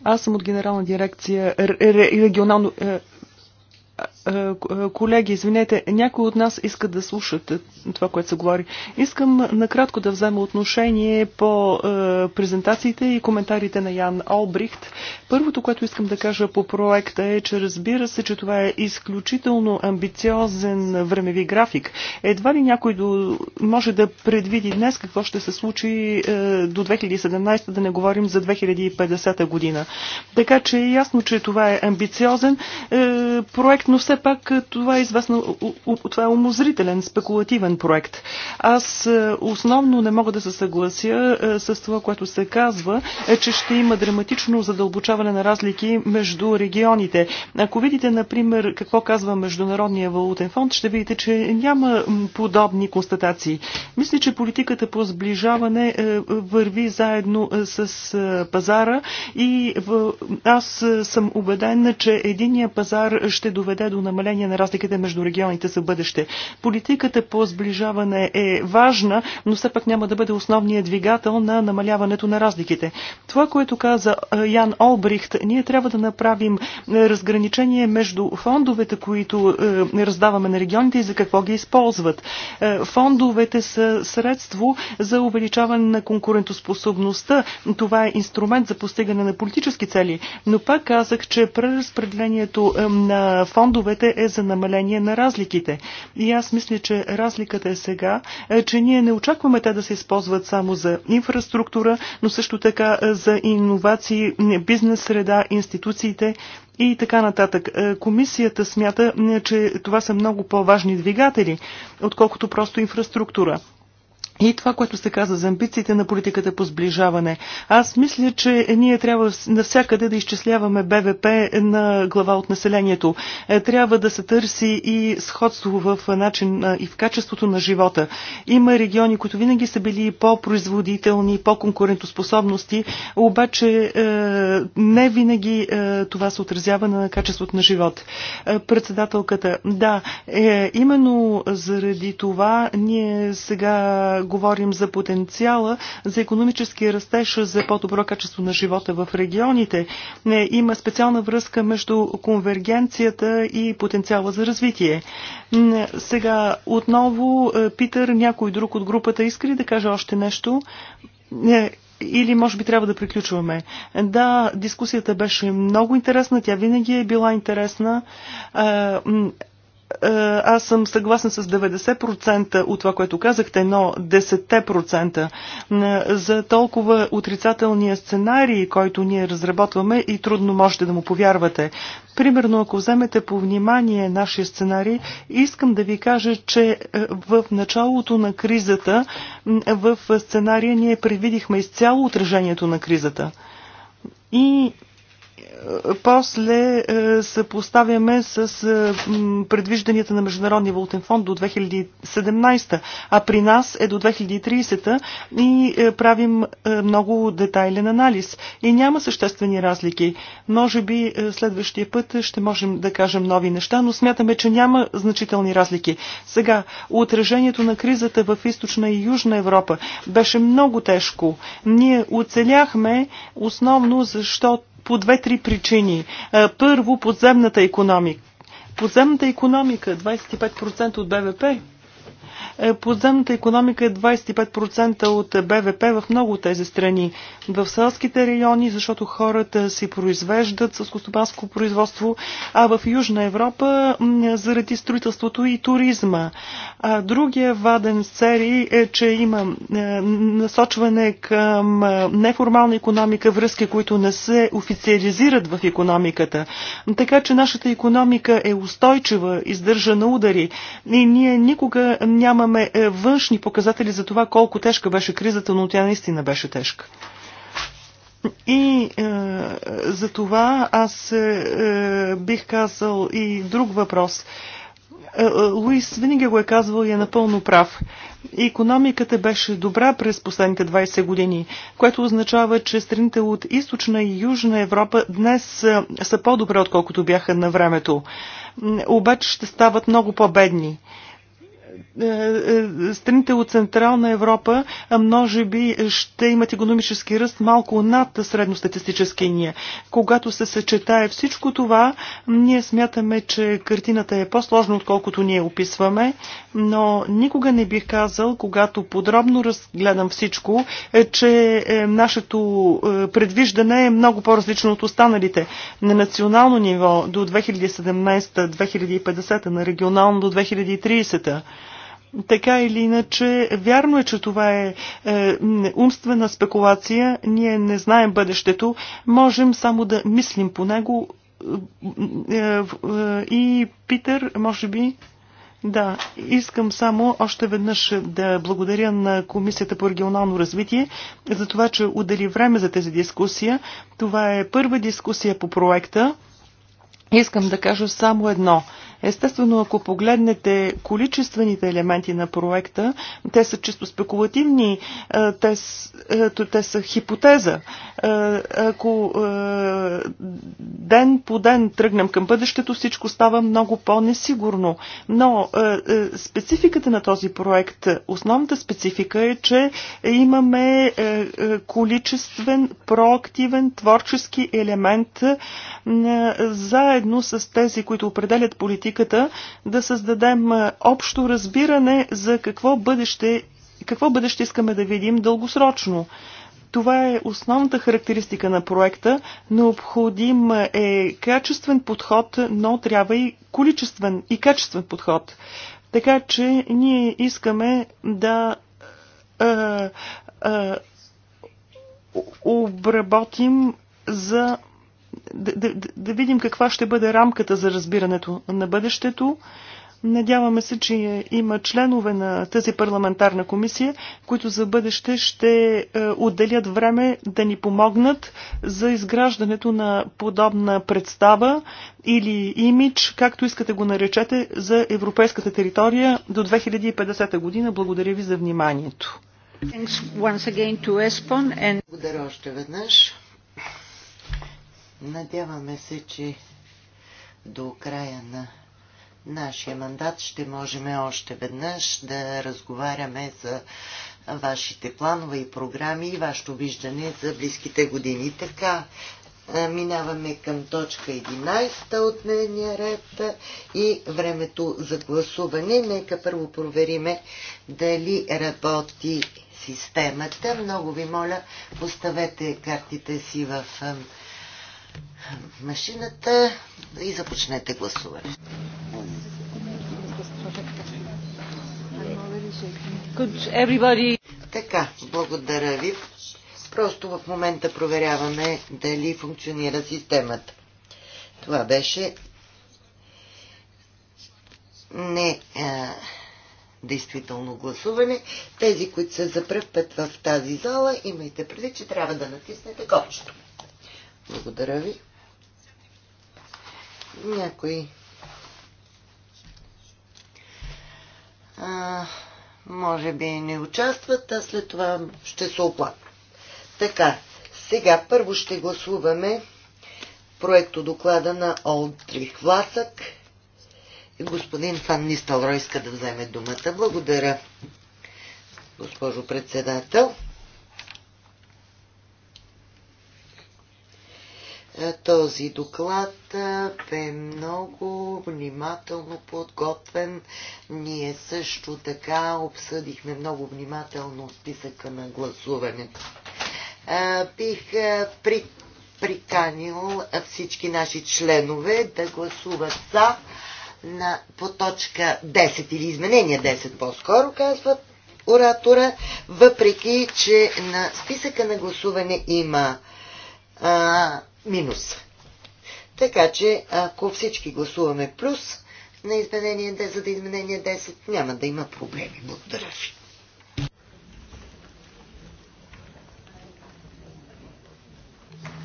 Аз съм от генерална дирекция регионално... Е, е, е, колеги, извинете, някои от нас искат да слушат това, което се говори. Искам накратко да взема отношение по е, презентациите и коментарите на Ян Олбрихт. Първото, което искам да кажа по проекта е, че разбира се, че това е изключително амбициозен времеви график. Едва ли някой до... може да предвиди днес какво ще се случи до 2017, да не говорим за 2050 година. Така че е ясно, че това е амбициозен проект, но все все пак е, това е известно, това е умозрителен, спекулативен проект. Аз е, основно не мога да се съглася е, с това, което се казва, е, че ще има драматично задълбочаване на разлики между регионите. Ако видите, например, какво казва Международния валутен фонд, ще видите, че няма подобни констатации. Мисля, че политиката по сближаване върви заедно с пазара и аз съм убедена, че единия пазар ще доведе до намаление на разликите между регионите за бъдеще. Политиката по сближаване е важна, но все пак няма да бъде основният двигател на намаляването на разликите. Това, което каза Ян Олбрихт, ние трябва да направим разграничение между фондовете, които раздаваме на регионите и за какво ги използват. Фондовете са средство за увеличаване на конкурентоспособността. Това е инструмент за постигане на политически цели. Но пак казах, че преразпределението на фондовете плановете е за намаление на разликите. И аз мисля, че разликата е сега, е, че ние не очакваме те да се използват само за инфраструктура, но също така е, за иновации, е, бизнес среда, институциите и така нататък. Комисията смята, че това са много по-важни двигатели, отколкото просто инфраструктура. И това, което се каза за амбициите на политиката по сближаване. Аз мисля, че ние трябва навсякъде да изчисляваме БВП на глава от населението. Е, трябва да се търси и сходство в начин и в качеството на живота. Има региони, които винаги са били по-производителни, по-конкурентоспособности, обаче е, не винаги е, това се отразява на качеството на живот. Председателката, да, именно заради това ние сега говорим за потенциала, за економически растеж, за по-добро качество на живота в регионите. Не, има специална връзка между конвергенцията и потенциала за развитие. Сега отново, е, Питър, някой друг от групата иска ли да каже още нещо? Е, или може би трябва да приключваме. Да, дискусията беше много интересна, тя винаги е била интересна. Е, е, аз съм съгласен с 90% от това, което казахте, но 10% за толкова отрицателния сценарий, който ние разработваме и трудно можете да му повярвате. Примерно, ако вземете по внимание нашия сценарий, искам да ви кажа, че е, в началото на кризата, в сценария ние предвидихме изцяло отражението на кризата. И после е, съпоставяме с е, предвижданията на Международния валутен фонд до 2017, а при нас е до 2030 и е, правим много детайлен анализ. И няма съществени разлики. Може би следващия път ще можем да кажем нови неща, но смятаме, че няма значителни разлики. Сега, отражението на кризата в източна и южна Европа беше много тежко. Ние оцеляхме основно защото по две-три причини. Е, първо, подземната економика. Подземната економика, 25% от БВП, е, подземната економика е 25% от БВП в много тези страни. В селските райони, защото хората си произвеждат костопанско производство, а в Южна Европа заради строителството и туризма. А другия ваден серий е, че има насочване към неформална економика, връзки, които не се официализират в економиката. Така че нашата економика е устойчива, издържа на удари и ние никога няма нямаме е, външни показатели за това колко тежка беше кризата, но тя наистина беше тежка. И е, за това аз е, е бих казал и друг въпрос. Е, Луис винаги го е казвал и е напълно прав. Економиката беше добра през последните 20 години, което означава, че страните от източна и южна Европа днес са, по-добре, отколкото бяха на времето. Обаче ще стават много по-бедни. Е, е, страните от Централна Европа е, може би ще имат економически ръст малко над ние. Когато се съчетае всичко това, ние смятаме, че картината е по-сложна, отколкото ние описваме, но никога не бих казал, когато подробно разгледам всичко, че нашето предвиждане е много по-различно от останалите. На национално ниво до 2017-2050, на регионално до 2030. Така или иначе, вярно е, че това е, е умствена спекулация. Ние не знаем бъдещето. Можем само да мислим по него. Е, е, е, и Питър, може би. Да, искам само още веднъж да благодаря на Комисията по регионално развитие за това, че удели време за тази дискусия. Това е първа дискусия по проекта. Искам да кажа само едно. Естествено, ако погледнете количествените елементи на проекта, те са чисто спекулативни, е, те, те са хипотеза. Е, ако е, ден по ден тръгнем към бъдещето, всичко става много по-несигурно. Но спецификата на този проект, основната специфика е, че имаме количествен, проактивен, творчески елемент заедно с тези, които определят политика политиката, да създадем общо разбиране за какво бъдеще, какво бъдеще искаме да видим дългосрочно. Това е основната характеристика на проекта. Необходим е качествен подход, но трябва и количествен и качествен подход. Така че ние искаме да а, а, обработим за да, да, да видим каква ще бъде рамката за разбирането на бъдещето. Надяваме се, че има членове на тази парламентарна комисия, които за бъдеще ще е, отделят време да ни помогнат за изграждането на подобна представа или имидж, както искате го наречете, за европейската територия до 2050 година. Благодаря ви за вниманието. Благодаря още веднъж. Надяваме се, че до края на нашия мандат ще можем още веднъж да разговаряме за вашите планове и програми и вашето виждане за близките години. Така, е, минаваме към точка 11 от дневния ред и времето за гласуване. Нека първо провериме дали работи системата. Много ви моля, поставете картите си в е, машината и започнете гласуване. Така, благодаря ви. Просто в момента проверяваме дали функционира системата. Това беше не а, действително гласуване. Тези, които са за пръв път в тази зала, имайте преди, че трябва да натиснете копчето. Благодаря ви. Някои а, може би не участват, а след това ще се оплат. Така, сега първо ще гласуваме проекто доклада на Олдрих Власък. Господин Фан Нисталрой иска да вземе думата. Благодаря, госпожо председател. Е, този доклад е, бе много внимателно подготвен. Ние също така обсъдихме много внимателно списъка на гласуването. Е, бих при, приканил всички наши членове да гласуват за на, по точка 10 или изменение 10 по-скоро, казва оратора, въпреки че на списъка на гласуване има а, минус. Така че, ако всички гласуваме плюс на изменение 10, за да е изменение 10, няма да има проблеми. Благодаря ви.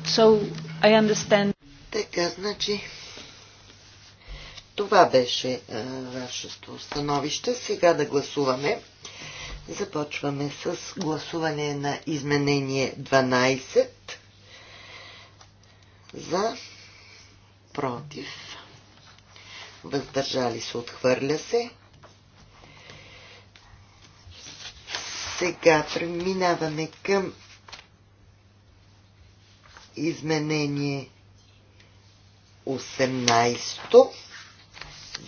So, I understand. Така, значи, това беше а, вашето становище. Сега да гласуваме. Започваме с гласуване на изменение 12 за, против, въздържали се, отхвърля се. Сега преминаваме към изменение 18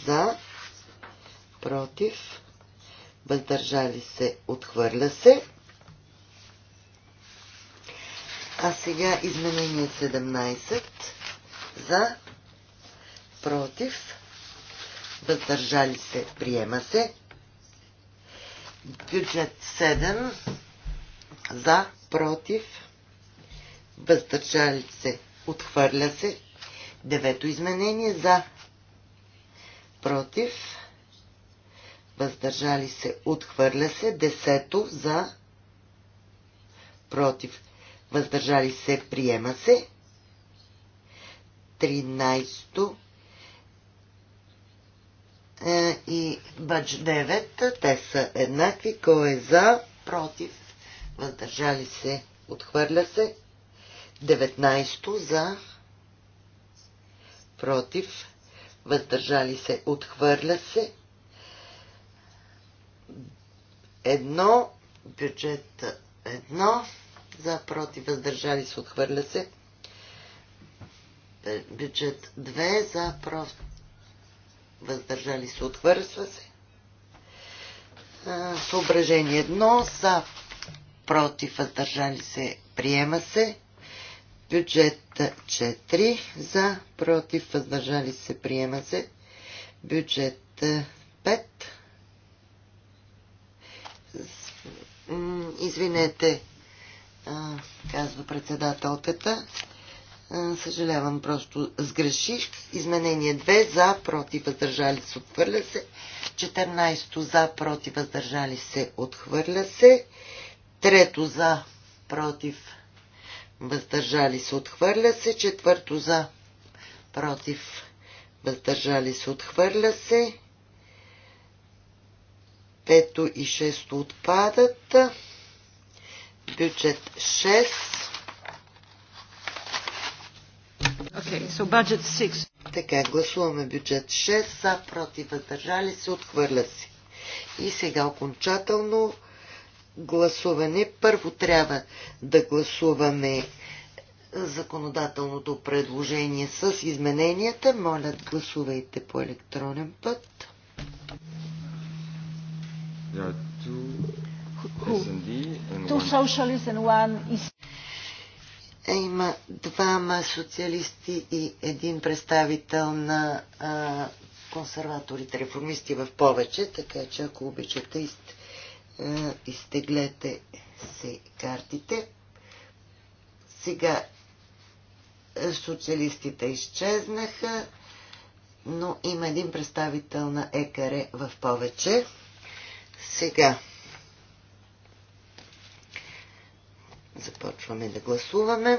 за, против, въздържали се, отхвърля се. А сега изменение 17 за против въздържали се, приема се. Бюджет 7 за против въздържали се, отхвърля се. Девето изменение за против въздържали се, отхвърля се. Десето за против въздържали се, приема се. 13 е, и бач 9, те са еднакви. Кой е за, против, въздържали се, отхвърля се. 19 за, против, въздържали се, отхвърля се. Едно, бюджет едно за, против, въздържали се, отхвърля се. Бюджет 2 за, против, въздържали се, отхвърля се. Съображение 1 за, против, въздържали се, приема се. Бюджет 4 за, против, въздържали се, приема се. Бюджет 5 Извинете, казва председателката. съжалявам, просто сгреших. Изменение 2 за, против, въздържали се, отхвърля се. 14 за, против, въздържали се, отхвърля се. Трето за, против, въздържали се, отхвърля се. Четвърто за, против, въздържали се, отхвърля се. Пето и шесто отпадат. Бюджет 6. Okay, so budget 6. Така, гласуваме бюджет 6, за, против, въздържали се, отхвърля се. И сега окончателно гласуване. Първо трябва да гласуваме законодателното предложение с измененията. Моля, гласувайте по електронен път. Yeah, two... Е, има двама социалисти и един представител на а, консерваторите, реформисти в повече, така че ако обичате, из, а, изтеглете се картите. Сега социалистите изчезнаха, но има един представител на ЕКР в повече. Сега. Започваме да гласуваме.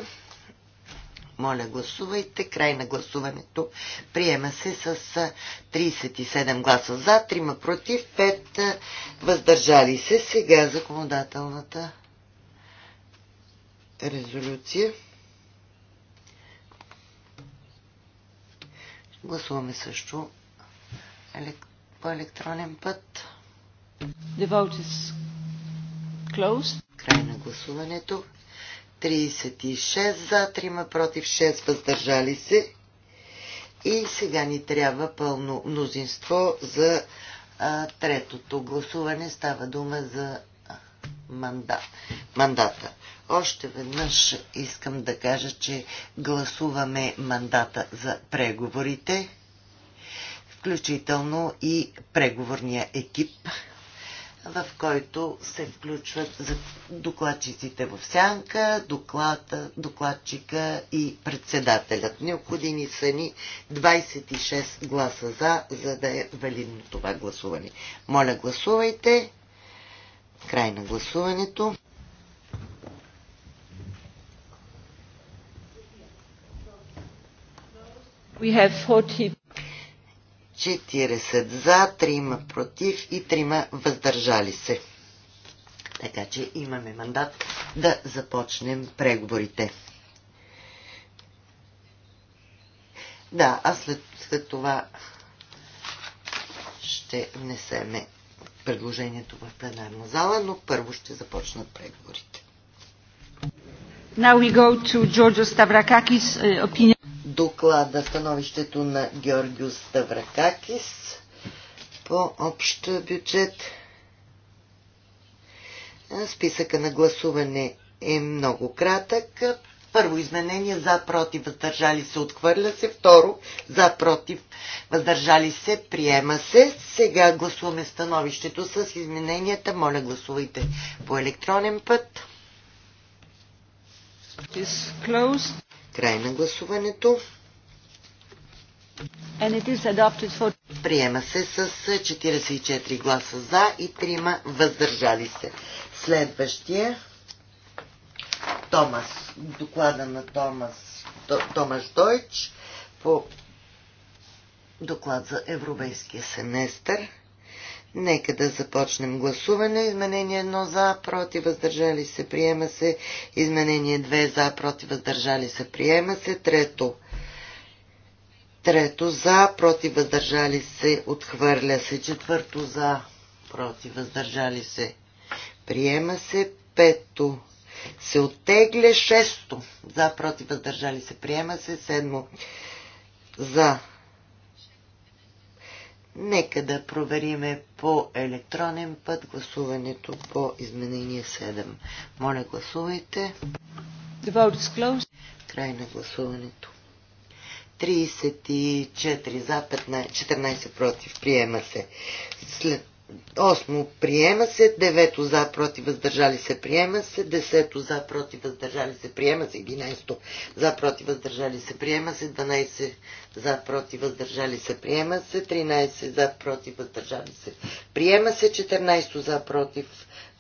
Моля, гласувайте. Край на гласуването. Приема се с 37 гласа за, 3 против, 5 въздържали се. Сега законодателната резолюция. Гласуваме също по електронен път. The vote is closed. Край на гласуването. 36 за, 3 против, 6 въздържали се. И сега ни трябва пълно мнозинство за а, третото гласуване. Става дума за мандат, мандата. Още веднъж искам да кажа, че гласуваме мандата за преговорите, включително и преговорния екип в който се включват докладчиците в сянка, доклада, докладчика и председателят. Необходими са ни 26 гласа за, за да е валидно това гласуване. Моля, гласувайте. Край на гласуването. We have 40... 40 за, 3 против и 3 въздържали се. Така че имаме мандат да започнем преговорите. Да, а след, след това ще внесеме предложението в пленарна зала, но първо ще започнат преговорите. Now we go to Georgios Stavrakakis' uh, opinion доклада, становището на Георгиус Ставракакис по общ бюджет. Списъка на гласуване е много кратък. Първо изменение за против въздържали се отхвърля се. Второ за против въздържали се приема се. Сега гласуваме становището с измененията. Моля гласувайте по електронен път. Is closed. Край на гласуването. Приема се с 44 гласа за и 3 въздържали се. Следващия. Томас. Доклада на Томас. Томаш Дойч по доклад за европейския семестър. Нека да започнем гласуване. Изменение 1 за, против, въздържали се, приема се. Изменение 2 за, против, въздържали се, приема се. Трето. Трето за, против, въздържали се, отхвърля се. Четвърто за, против, въздържали се, приема се. Пето се оттегля. Шесто за, против, въздържали се, приема се. Седмо за, Нека да провериме по електронен път гласуването по изменение 7. Моля, гласувайте. The vote is closed. Край на гласуването. 34 за 15, 14 против. Приема се. След Осмо приема се, девето за против въздържали се приема се, десето за против въздържали се приема се, единайсто за против въздържали се приема се, 12 за против въздържали се приема се, 13 за против въздържали се приема се, 14 за против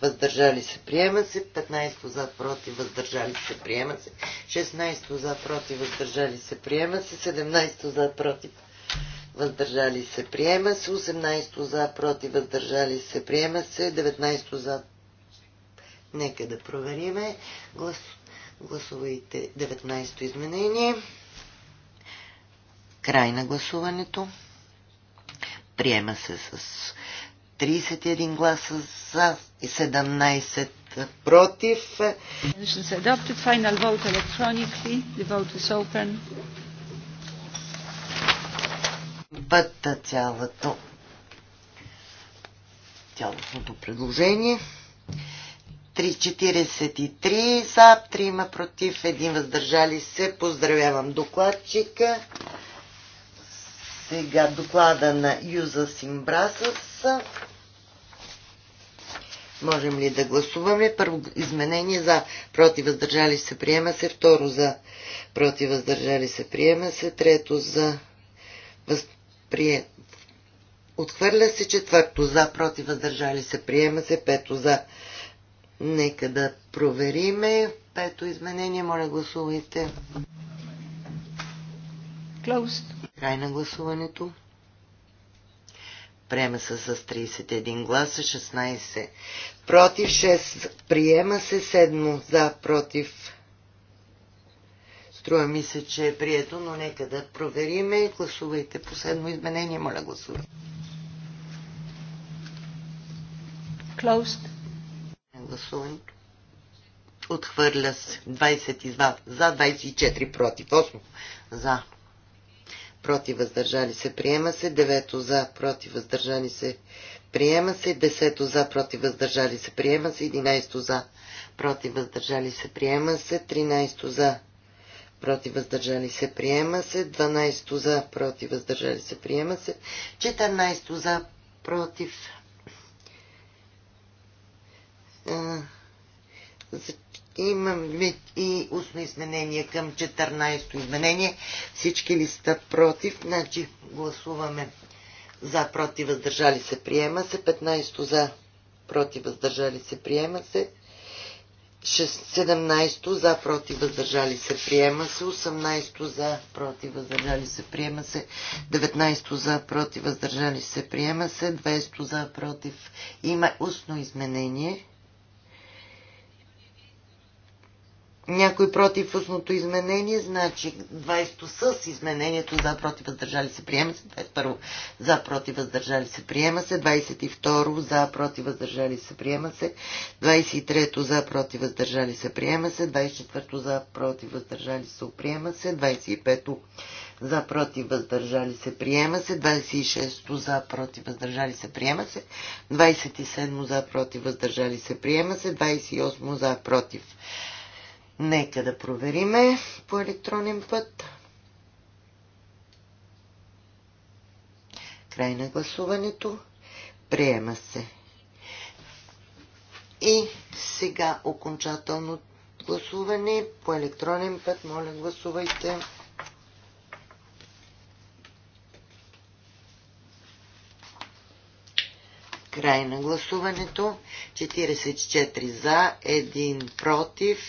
въздържали се приема се, 15 за против въздържали се приема се, 16 за против въздържали се приема се, 17 за против въздържали се, приема се. 18 за, против, въздържали се, приема се. 19 за. Нека да провериме. Глас... Гласувайте 19 то изменение. Край на гласуването. Приема се с 31 гласа за и 17 против. Final vote electronically. The vote is open път цялото цялото предложение. 3.43 за, 3 има против, 1 въздържали се. Поздравявам докладчика. Сега доклада на Юза Симбрасъс. Можем ли да гласуваме? Първо изменение за против въздържали се приема се. Второ за против въздържали се приема се. Трето за въз прие... Отхвърля се четвърто за, против, въздържали се, приема се пето за. Нека да провериме. Пето изменение, моля гласувайте. Closed. Край на гласуването. Приема се с 31 гласа, 16 против, 6 приема се, 7 за, против, Струва ми се, че е прието, но нека да провериме. Гласувайте последно изменение. Моля, гласувайте. Closed. Гласуването. Отхвърля се. 22 за, 24 против. 8 за. Против въздържали се. Приема се. 9 за. Против въздържали се. Приема се. 10 за. Против въздържали се. Приема се. 11 за. Против въздържали се. Приема се. 13 за против въздържали се, приема се. 12 за, против въздържали се, приема се. 14 за, против. А, имаме и устно изменение към 14-то изменение. Всички ли сте против? Значи гласуваме за, против въздържали се, приема се. 15 за, против въздържали се, приема се. 17 за против въздържали се приема се, 18 за против въздържали се приема се, 19 за против въздържали се приема се, 20 за против. Има устно изменение. Някой против устното изменение, значи 20-то с изменението за против въздържали се приема се, 21 за против въздържали се приема се, 22 за против въздържали се приема се, 23 за против въздържали се приема се, 24 за против въздържали се приема се, 25 за против въздържали се приема се, 26 за против въздържали се приема се, 27 за против въздържали се приема се, 28 за против Нека да провериме по електронен път. Край на гласуването. Приема се. И сега окончателно гласуване по електронен път. Моля, гласувайте. Край на гласуването. 44 за, 1 против.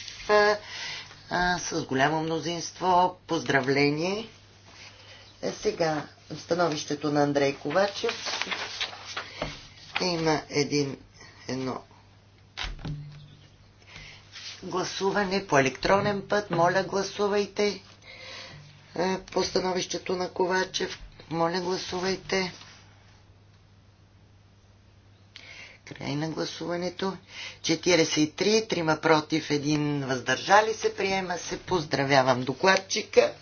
А, с голямо мнозинство. Поздравление. Е, сега становището на Андрей Ковачев. Има един, едно гласуване по електронен път. Моля, гласувайте е, по становището на Ковачев. Моля, гласувайте. Край на гласуването. 43, трима против, един въздържали се. Приема се. Поздравявам докладчика.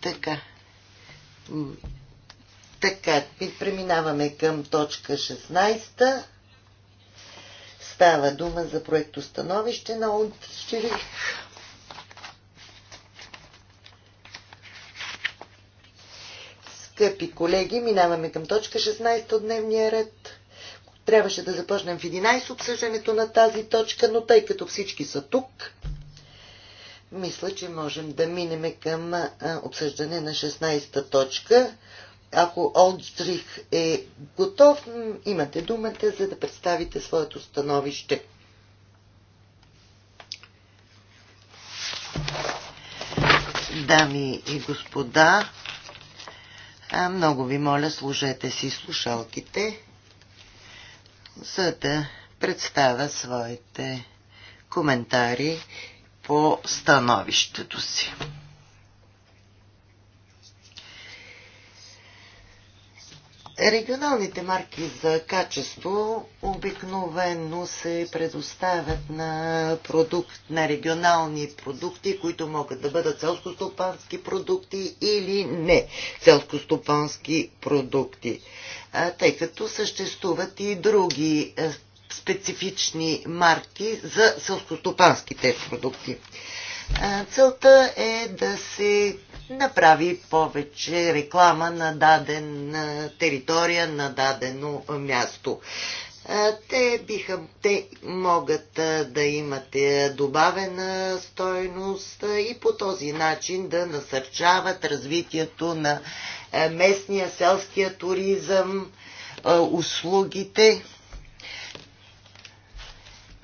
Така. Така, преминаваме към точка 16. Става дума за проектостановище на Унтрих. Скъпи колеги, минаваме към точка 16 от дневния ред. Трябваше да започнем в 11 обсъждането на тази точка, но тъй като всички са тук, мисля, че можем да минем към обсъждане на 16-та точка. Ако Олдрих е готов, имате думата, за да представите своето становище. Дами и господа, а, много ви моля, служете си слушалките, за да представя своите коментари по становището си. Регионалните марки за качество обикновено се предоставят на, продукт, на регионални продукти, които могат да бъдат селскостопански продукти или не селскостопански продукти, тъй като съществуват и други специфични марки за селскостопанските продукти. Целта е да се направи повече реклама на дадена територия, на дадено място. Те, биха, те могат да имат е, добавена стойност и по този начин да насърчават развитието на е, местния селския туризъм, услугите.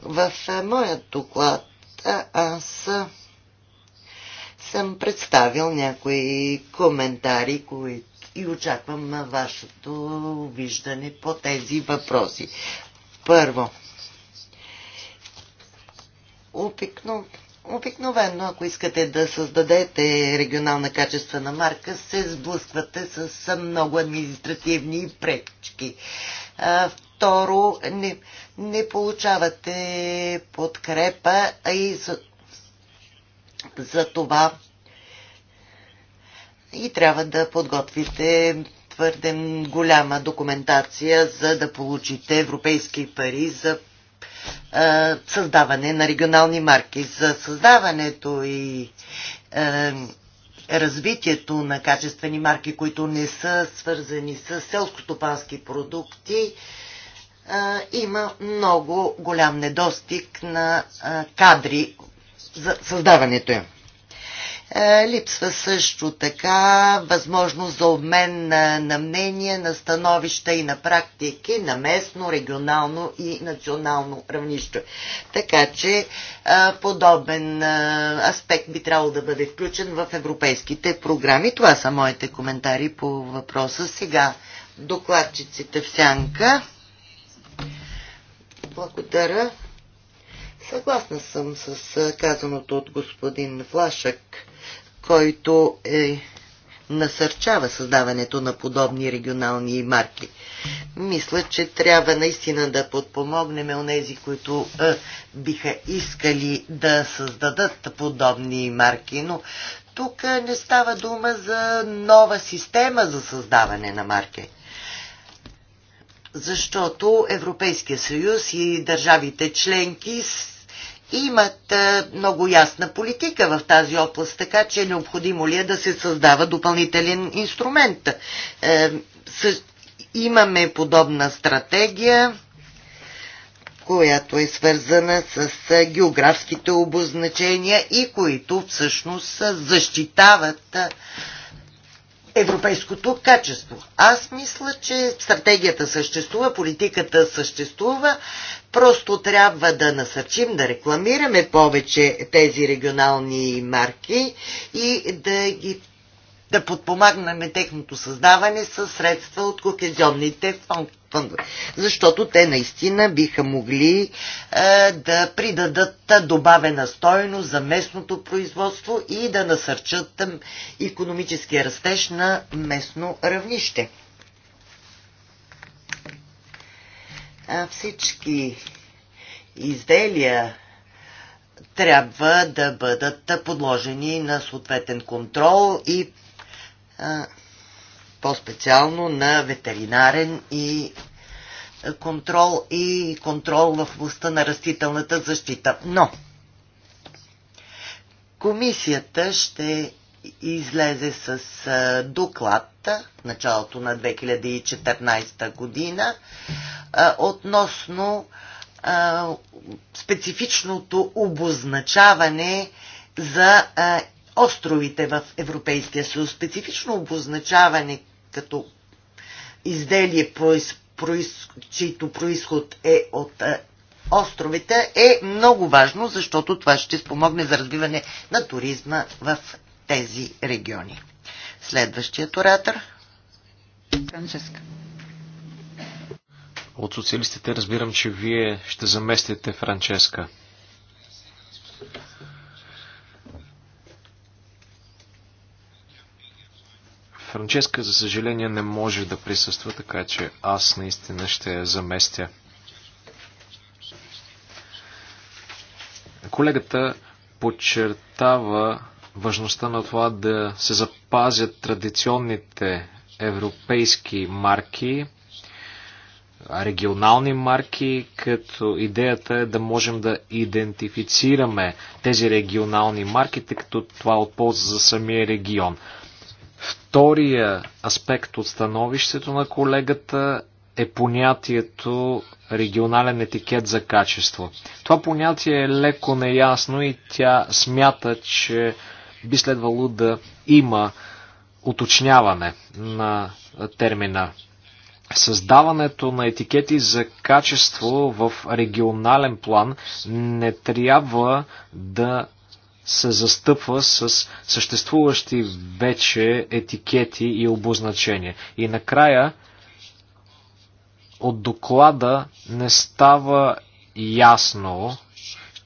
В е, моят доклад аз съм представил някои коментари, кои... и очаквам на вашето виждане по тези въпроси. Първо, обикновено Обикновено, ако искате да създадете регионална качествена марка, се сблъсквате с много административни пречки. Второ, не, не получавате подкрепа и за това и трябва да подготвите твърде голяма документация, за да получите европейски пари за е, създаване на регионални марки. За създаването и е, развитието на качествени марки, които не са свързани с селско селско-стопански продукти, има много голям недостиг на кадри за създаването им. Е, липсва също така възможност за обмен на, на мнение, на становища и на практики на местно, регионално и национално равнище. Така че е, подобен е, аспект би трябвало да бъде включен в европейските програми. Това са моите коментари по въпроса. Сега докладчиците в сянка. Благодаря. Съгласна съм с казаното от господин Флашък, който е насърчава създаването на подобни регионални марки. Мисля, че трябва наистина да подпомогнем онези, които е, биха искали да създадат подобни марки, но тук не става дума за нова система за създаване на марки. Защото Европейския съюз и държавите членки имат много ясна политика в тази област, така че е необходимо ли е да се създава допълнителен инструмент. Е, имаме подобна стратегия, която е свързана с географските обозначения и които всъщност защитават европейското качество. Аз мисля, че стратегията съществува, политиката съществува, просто трябва да насърчим, да рекламираме повече тези регионални марки и да ги да подпомагнем техното създаване с средства от кохезионните фондове. Защото те наистина биха могли е, да придадат добавена стойност за местното производство и да насърчат економическия растеж на местно равнище. А всички изделия трябва да бъдат подложени на съответен контрол и по-специално на ветеринарен и контрол и контрол в областта на растителната защита. Но комисията ще излезе с доклад в началото на 2014 година относно специфичното обозначаване за островите в Европейския съюз. Специфично обозначаване като изделие, проис, чийто происход е от е, островите, е много важно, защото това ще спомогне за развиване на туризма в тези региони. Следващият оратор. Франческа. От социалистите разбирам, че вие ще заместите Франческа. Франческа, за съжаление, не може да присъства, така че аз наистина ще я заместя. Колегата подчертава важността на това да се запазят традиционните европейски марки, регионални марки, като идеята е да можем да идентифицираме тези регионални марки, тъй като това е от полза за самия регион. Втория аспект от становището на колегата е понятието регионален етикет за качество. Това понятие е леко неясно и тя смята, че би следвало да има уточняване на термина. Създаването на етикети за качество в регионален план не трябва да се застъпва с съществуващи вече етикети и обозначения. И накрая от доклада не става ясно,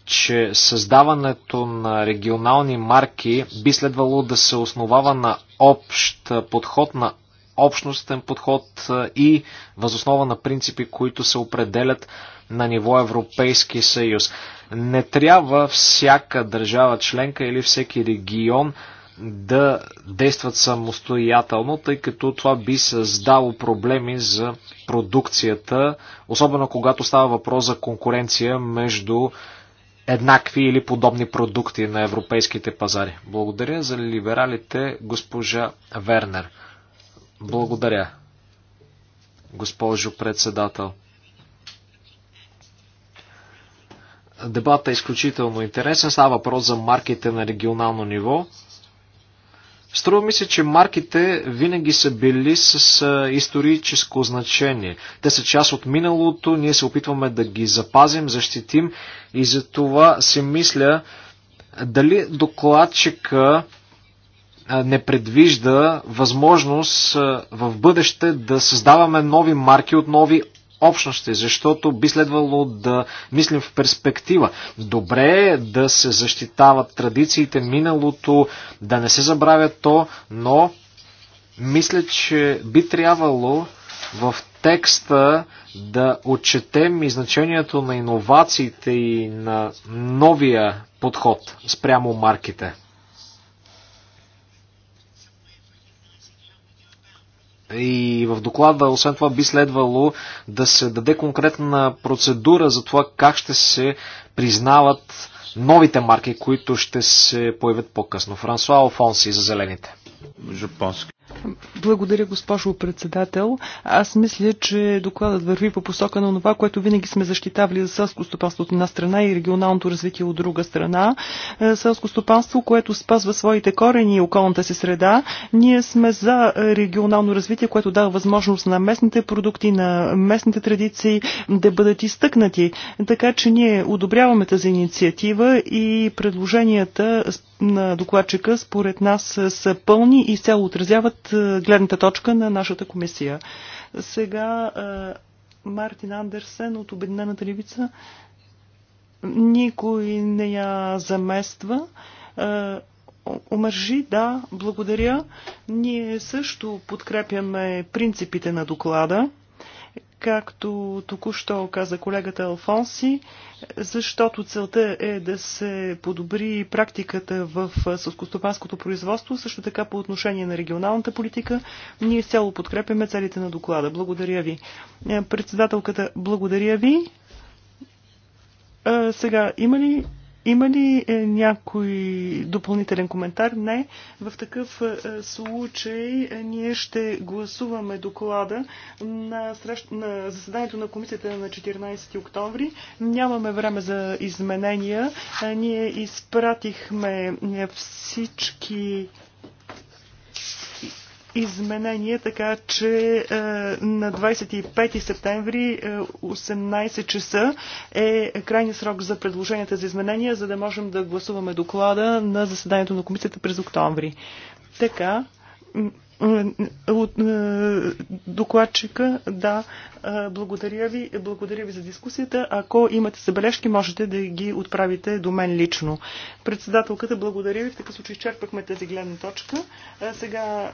че създаването на регионални марки би следвало да се основава на общ подход, на общностен подход и възоснова на принципи, които се определят на ниво Европейски съюз. Не трябва всяка държава членка или всеки регион да действат самостоятелно, тъй като това би създало проблеми за продукцията, особено когато става въпрос за конкуренция между еднакви или подобни продукти на европейските пазари. Благодаря за либералите, госпожа Вернер. Благодаря, госпожо председател. Дебатът е изключително интересен. Става въпрос за марките на регионално ниво. Струва ми се, че марките винаги са били с историческо значение. Те са част от миналото, ние се опитваме да ги запазим, защитим и за това се мисля дали докладчика не предвижда възможност в бъдеще да създаваме нови марки от нови общности, защото би следвало да мислим в перспектива. Добре е да се защитават традициите, миналото, да не се забравя то, но мисля, че би трябвало в текста да отчетем и значението на иновациите и на новия подход спрямо марките. И в доклада, освен това, би следвало да се даде конкретна процедура за това как ще се признават новите марки, които ще се появят по-късно. Франсуа Алфонси за зелените. Благодаря, госпожо председател. Аз мисля, че докладът върви по посока на това, което винаги сме защитавали за селско стопанство от една страна и регионалното развитие от друга страна. Е, селско стопанство, което спазва своите корени и околната си среда. Ние сме за регионално развитие, което дава възможност на местните продукти, на местните традиции да бъдат изтъкнати. Така че ние одобряваме тази инициатива и предложенията на докладчика според нас са пълни и цяло отразяват от е, гледната точка на нашата комисия. Сега е, Мартин Андерсен от Обединената ливица никой не я замества. Е, омържи, да, благодаря. Ние също подкрепяме принципите на доклада както току-що каза колегата Алфонси, защото целта е да се подобри практиката в сълскостопанското производство, също така по отношение на регионалната политика. Ние цяло подкрепяме целите на доклада. Благодаря ви. Председателката, благодаря ви. А, сега, има ли има ли е, някой допълнителен коментар? Не. В такъв е, случай е, ние ще гласуваме доклада на, срещ... на заседанието на комисията на 14 октомври. Нямаме време за изменения. Ние изпратихме всички изменение, така че е, на 25 септември е, 18 часа е крайния срок за предложенията за изменения, за да можем да гласуваме доклада на заседанието на комисията през октомври. Така, е, от е, докладчика, да, е, благодаря ви, благодаря ви за дискусията. Ако имате забележки, можете да ги отправите до мен лично. Председателката, благодаря ви. В такъв случай изчерпахме тази гледна точка. Сега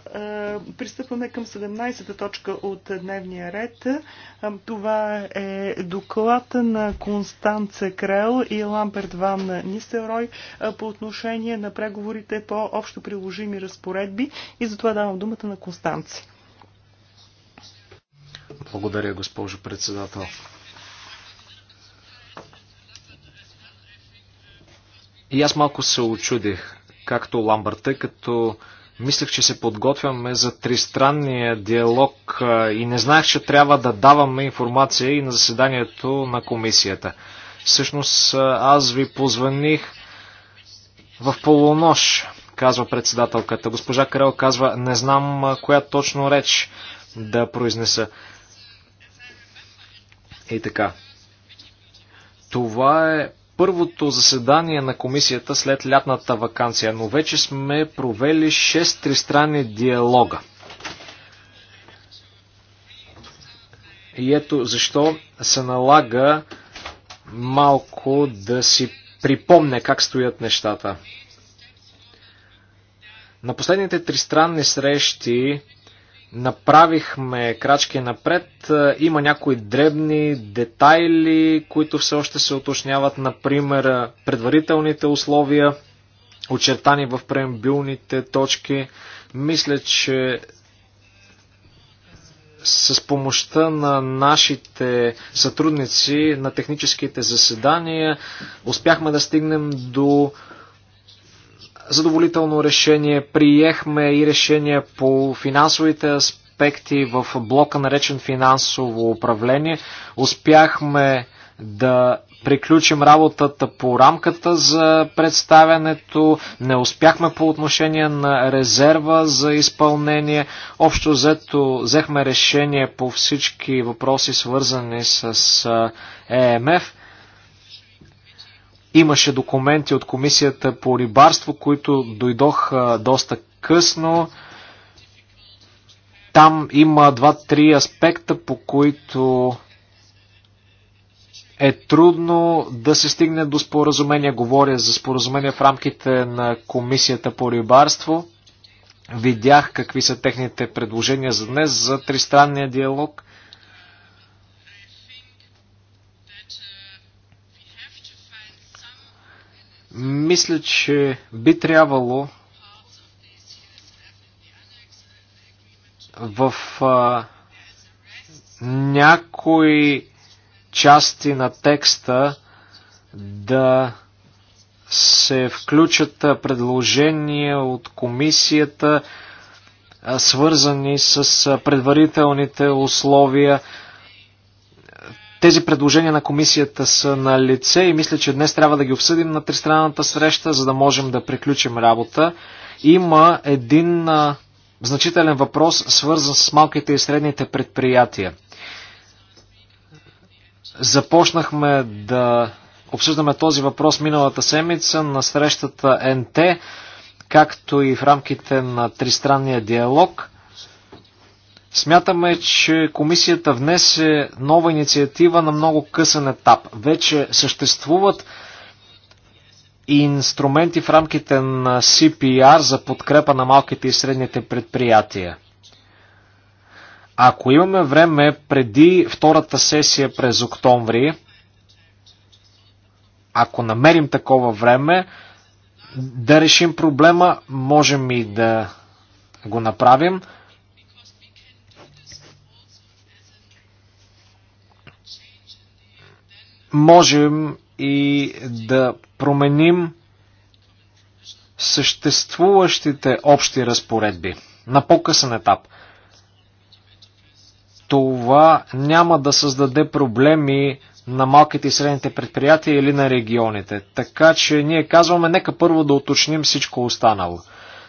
пристъпваме към 17-та точка от дневния ред. Това е доклад на Констанца Крел и Ламперт Ван Нистерой по отношение на преговорите по общо приложими разпоредби и затова давам дума думата на Констанци. Благодаря, госпожо председател. И аз малко се очудих, както Ламбърта, като мислех, че се подготвяме за тристранния диалог и не знаех, че трябва да даваме информация и на заседанието на комисията. Всъщност аз ви позваних в полунощ казва председателката. Госпожа Карел казва, не знам коя точно реч да произнеса. И така. Това е първото заседание на комисията след лятната вакансия, но вече сме провели 6 тристранни диалога. И ето защо се налага малко да си припомня как стоят нещата. На последните три странни срещи направихме крачки напред. Е, има някои дребни детайли, които все още се уточняват, например е, предварителните условия, очертани в преембилните точки. Мисля, че с помощта на нашите сътрудници на техническите заседания успяхме да стигнем до задоволително решение. Приехме и решение по финансовите аспекти в блока наречен финансово управление. Успяхме да приключим работата по рамката за представянето. Не успяхме по отношение на резерва за изпълнение. Общо взето взехме решение по всички въпроси, свързани с ЕМФ. Имаше документи от комисията по рибарство, които дойдоха доста късно. Там има два-три аспекта, по които е трудно да се стигне до споразумение. Говоря за споразумение в рамките на комисията по рибарство. Видях какви са техните предложения за днес за тристранния диалог. Мисля, че би трябвало в а, някои части на текста да се включат предложения от комисията, свързани с предварителните условия. Тези предложения на комисията са на лице и мисля, че днес трябва да ги обсъдим на тристранната среща, за да можем да приключим работа. Има един а, значителен въпрос, свързан с малките и средните предприятия. Започнахме да обсъждаме този въпрос миналата седмица на срещата НТ, както и в рамките на тристранния диалог – Смятаме, че комисията внесе нова инициатива на много късен етап. Вече съществуват инструменти в рамките на CPR за подкрепа на малките и средните предприятия. Ако имаме време преди втората сесия през октомври, ако намерим такова време, да решим проблема, можем и да го направим. можем и да променим съществуващите общи разпоредби на по-късен етап. Това няма да създаде проблеми на малките и средните предприятия или на регионите. Така че ние казваме, нека първо да уточним всичко останало.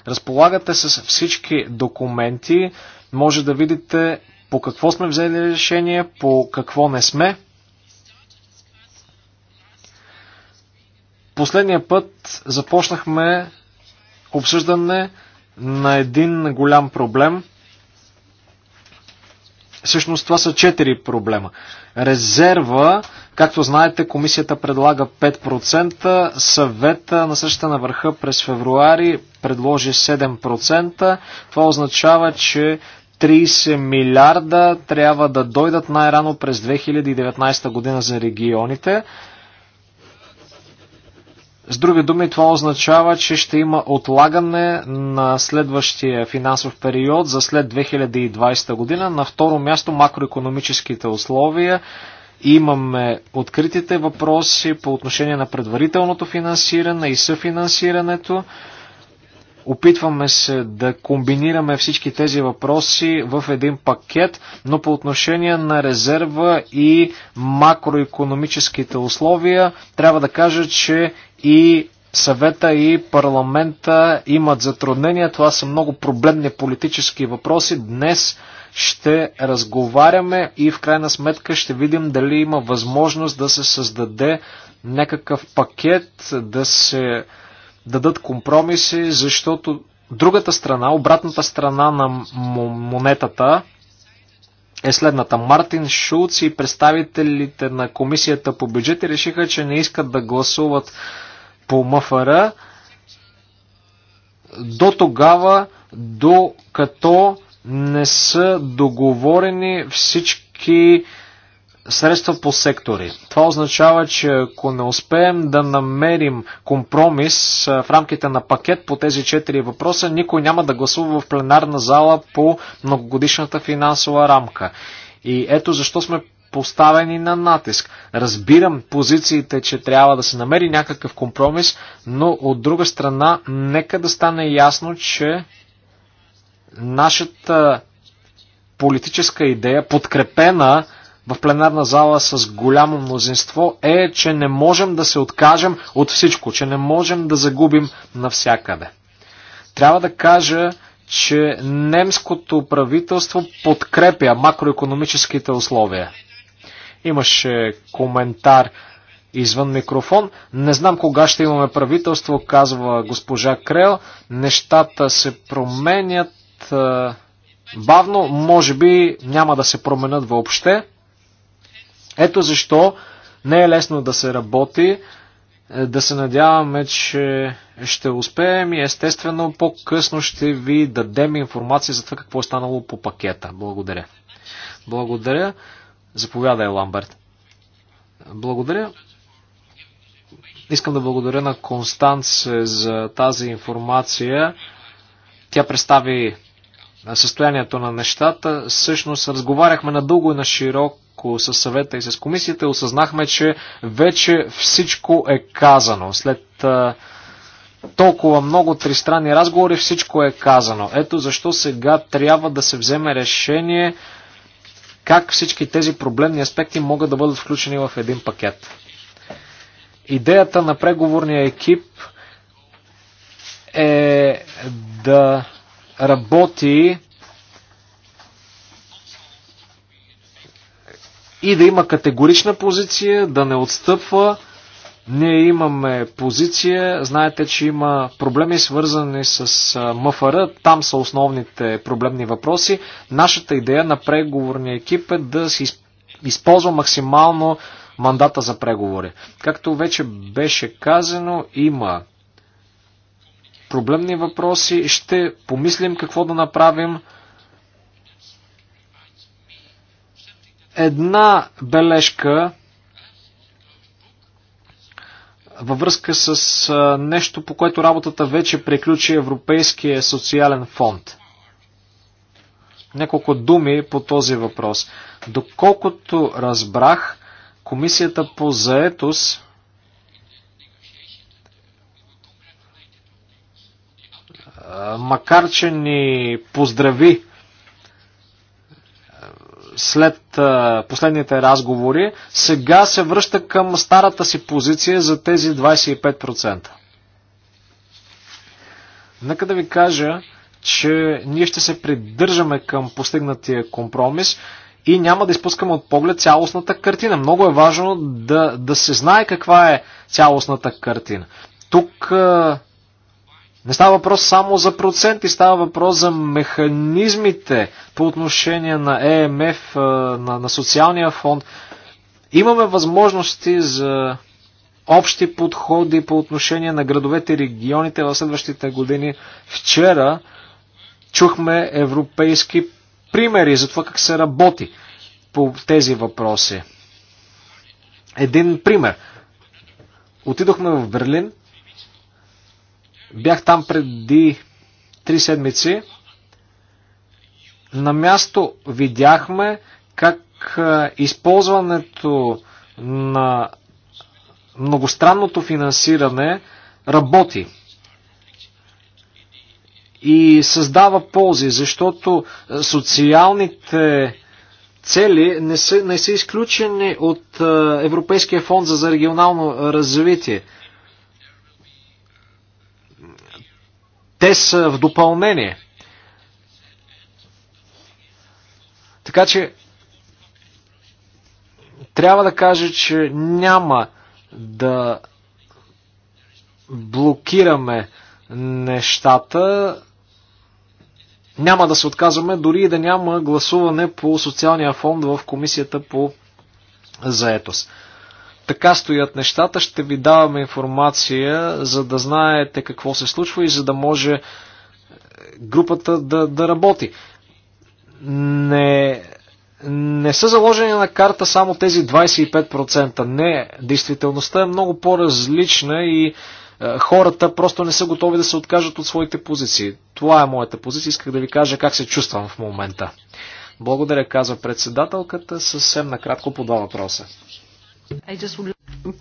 Разполагате с всички документи, може да видите по какво сме взели решение, по какво не сме. Последния път започнахме обсъждане на един голям проблем. Всъщност това са четири проблема. Резерва, както знаете, комисията предлага 5%, съвета на същата на върха през февруари предложи 7%. Това означава, че 30 милиарда трябва да дойдат най-рано през 2019 година за регионите. С други думи, това означава, че ще има отлагане на следващия финансов период за след 2020 година. На второ място макроекономическите условия. Имаме откритите въпроси по отношение на предварителното финансиране и съфинансирането. Опитваме се да комбинираме всички тези въпроси в един пакет, но по отношение на резерва и макроекономическите условия, трябва да кажа, че и съвета и парламента имат затруднения. Това са много проблемни политически въпроси. Днес ще разговаряме и в крайна сметка ще видим дали има възможност да се създаде някакъв пакет, да се дадат компромиси, защото другата страна, обратната страна на монетата е следната. Мартин Шулц и представителите на комисията по бюджети решиха, че не искат да гласуват по МФР до тогава, докато не са договорени всички средства по сектори. Това означава, че ако не успеем да намерим компромис в рамките на пакет по тези четири въпроса, никой няма да гласува в пленарна зала по многогодишната финансова рамка. И ето защо сме поставени на натиск. Разбирам позициите, че трябва да се намери някакъв компромис, но от друга страна, нека да стане ясно, че нашата политическа идея, подкрепена в пленарна зала с голямо мнозинство е, че не можем да се откажем от всичко, че не можем да загубим навсякъде. Трябва да кажа, че немското правителство подкрепя макроекономическите условия. Имаше коментар извън микрофон. Не знам кога ще имаме правителство, казва госпожа Крел. Нещата се променят бавно, може би няма да се променят въобще. Ето защо не е лесно да се работи, е, да се надяваме, че ще успеем и естествено по-късно ще ви дадем информация за това какво е станало по пакета. Благодаря. Благодаря. Заповядай, Ламберт. Благодаря. Искам да благодаря на Констанц за тази информация. Тя представи състоянието на нещата. Всъщност разговаряхме на дълго и на широк с съвета и с комисията, осъзнахме, че вече всичко е казано. След а, толкова много тристранни разговори всичко е казано. Ето защо сега трябва да се вземе решение как всички тези проблемни аспекти могат да бъдат включени в един пакет. Идеята на преговорния екип е да работи и да има категорична позиция, да не отстъпва. Ние имаме позиция, знаете, че има проблеми свързани с МФР, там са основните проблемни въпроси. Нашата идея на преговорния екип е да се използва максимално мандата за преговори. Както вече беше казано, има проблемни въпроси, ще помислим какво да направим. Една бележка във връзка с нещо, по което работата вече приключи Европейския социален фонд. Няколко думи по този въпрос. Доколкото разбрах, Комисията по заетост макар че ни поздрави след последните разговори, сега се връща към старата си позиция за тези 25%. Нека да ви кажа, че ние ще се придържаме към постигнатия компромис и няма да изпускаме от поглед цялостната картина. Много е важно да, да се знае каква е цялостната картина. Тук не става въпрос само за проценти, става въпрос за механизмите по отношение на ЕМФ, на, на социалния фонд. Имаме възможности за общи подходи по отношение на градовете и регионите в следващите години. Вчера чухме европейски примери за това как се работи по тези въпроси. Един пример. Отидохме в Берлин Бях там преди три седмици. На място видяхме как използването на многостранното финансиране работи и създава ползи, защото социалните цели не са, не са изключени от Европейския фонд за, за регионално развитие. Те са в допълнение. Така че трябва да кажа, че няма да блокираме нещата. Няма да се отказваме, дори и да няма гласуване по социалния фонд в комисията по заетост така стоят нещата. Ще ви даваме информация, за да знаете какво се случва и за да може е, групата да, да работи. Не, не са заложени на карта само тези 25%. Не, действителността е много по-различна и е, хората просто не са готови да се откажат от своите позиции. Това е моята позиция. Исках да ви кажа как се чувствам в момента. Благодаря, казва председателката. Съвсем накратко по два въпроса.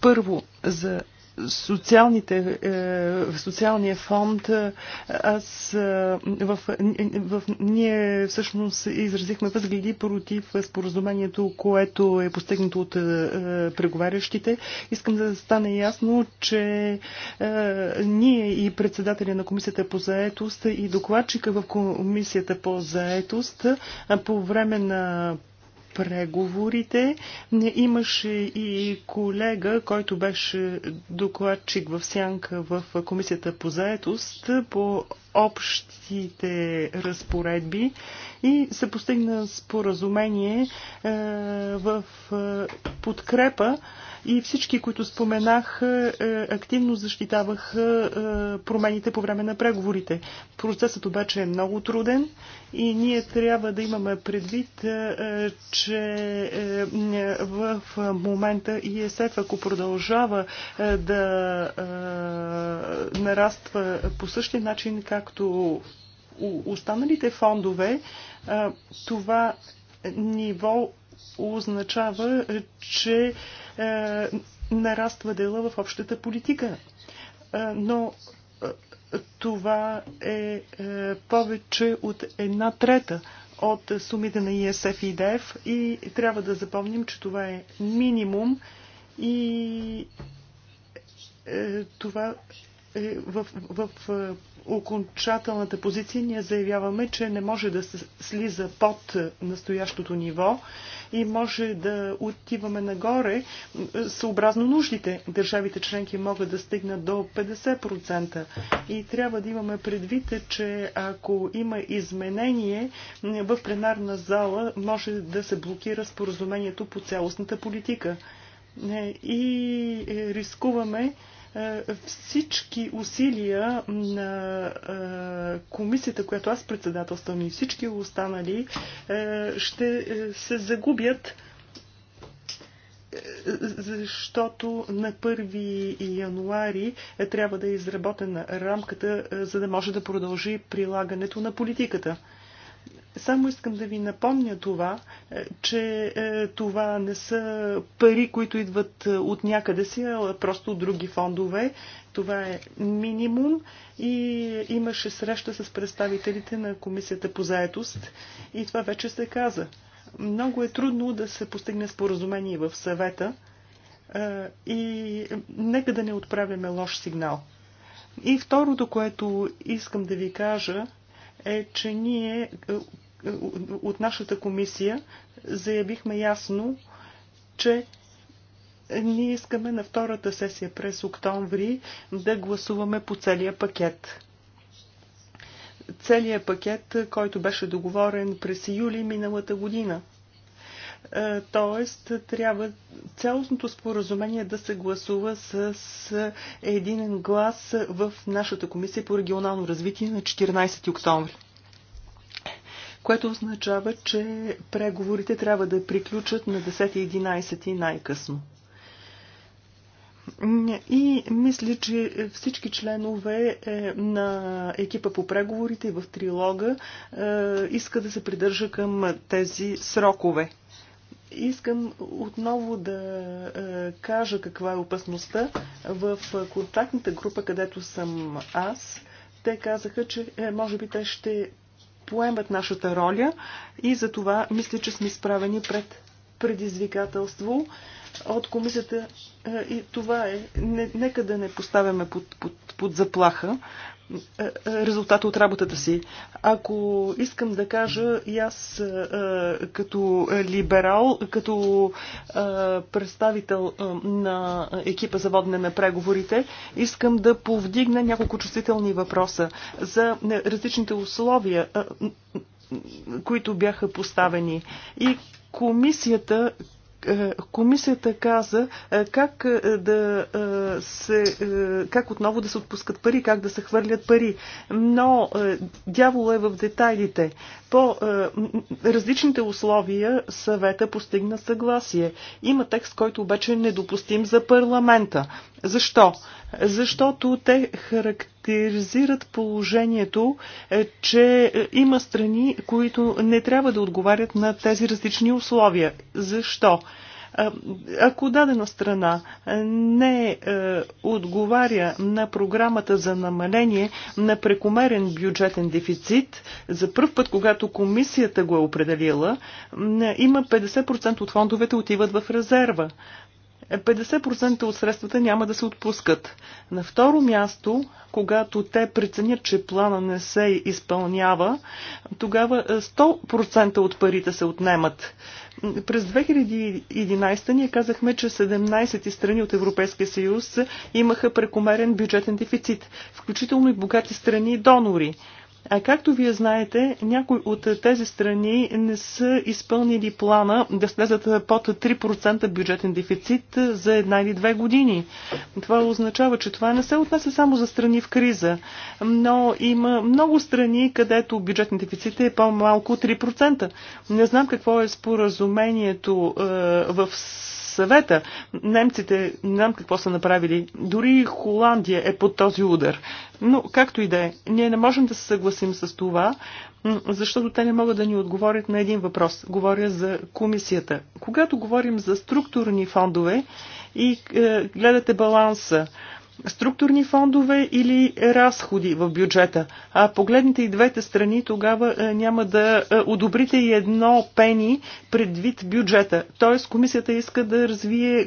Първо, за социалните, е, социалния фонд, е, аз е, в, в, ние всъщност изразихме възгледи против споразумението, което е постигнато от преговарящите. Искам да стане ясно, че ние и председателя на комисията по заетост и докладчика в комисията по заетост по време на преговорите. Имаше и колега, който беше докладчик в Сянка в Комисията по заетост по общите разпоредби и се постигна споразумение е, в е, подкрепа и всички, които споменах, е, е, активно защитаваха е, промените по време на преговорите. Процесът обаче е много труден и ние трябва да имаме предвид, че в момента ИСФ, ако продължава да нараства по същия начин, както останалите фондове, това ниво означава, че е, нараства дела в общата политика. Е, но е, това е, е повече от една трета от сумите на ИСФ и ДЕФ и трябва да запомним, че това е минимум и е, това е, в, в, в е, окончателната позиция ние заявяваме, че не може да се слиза под настоящото ниво и може да отиваме нагоре е, съобразно нуждите. Държавите членки могат да стигнат до 50% и трябва да имаме предвид, че ако има изменение в пленарна зала, може да се блокира споразумението по цялостната политика. И рискуваме е, всички усилия на е, комисията, която аз председателствам и всички останали, е, ще се загубят защото на 1 януари трябва да е изработена рамката, за да може да продължи прилагането на политиката. Само искам да ви напомня това, е, че е, това не са пари, които идват е, от някъде си, а просто от други фондове. Това е минимум и имаше среща с представителите на Комисията по заетост и това вече се каза. Много е трудно да се постигне споразумение в съвета и нека да не отправяме лош сигнал. И второто, което искам да ви кажа, е, че ние от нашата комисия заявихме ясно, че ние искаме на втората сесия през октомври да гласуваме по целия пакет. Целият пакет, който беше договорен през юли миналата година. Е, тоест, трябва цялостното споразумение да се гласува с един глас в нашата комисия по регионално развитие на 14 октомври което означава, че преговорите трябва да приключат на 10-11 и най-късно. И мисля, че всички членове е, на екипа по преговорите и в трилога е, иска да се придържа към тези срокове. Искам отново да е, кажа каква е опасността. В контактната група, където съм аз, те казаха, че може би те ще поемат нашата роля и за това мисля, че сме изправени пред предизвикателство от комисията е, и това е. нека да не поставяме под, под, под заплаха резултата от работата си. Ако искам да кажа и аз като либерал, като представител на екипа за водене на преговорите, искам да повдигна няколко чувствителни въпроса за различните условия, които бяха поставени. И комисията е, комисията каза е, как е, да се, как отново да се отпускат пари, как да се хвърлят пари. Но дявола е в детайлите. По различните условия съвета постигна съгласие. Има текст, който обаче е недопустим за парламента. Защо? Защото те характеризират положението, е, че е, има страни, които не трябва да отговарят на тези различни условия. Защо? Е, ако дадена страна не е, отговаря на програмата за намаление на прекомерен бюджетен дефицит, за първ път, когато комисията го е определила, има 50% от фондовете отиват в резерва. 50% от средствата няма да се отпускат. На второ място, когато те преценят, че плана не се изпълнява, тогава 100% от парите се отнемат. През 2011 ние казахме, че 17 страни от Европейския съюз имаха прекомерен бюджетен дефицит, включително и богати страни и донори. А както вие знаете, някои от тези страни не са изпълнили плана да слезат под 3% бюджетен дефицит за една или две години. Това означава, че това не се отнася само за страни в криза, но има много страни, където бюджетен дефицит е по-малко 3%. Не знам какво е споразумението е, в съвета. Немците, не знам какво са направили, дори Холандия е под този удар. Но както и да е, ние не можем да се съгласим с това, защото те не могат да ни отговорят на един въпрос. Говоря за комисията. Когато говорим за структурни фондове и е, гледате баланса, структурни фондове или разходи в бюджета. А погледните и двете страни, тогава е, няма да е, одобрите и едно пени предвид бюджета. Тоест комисията иска да развие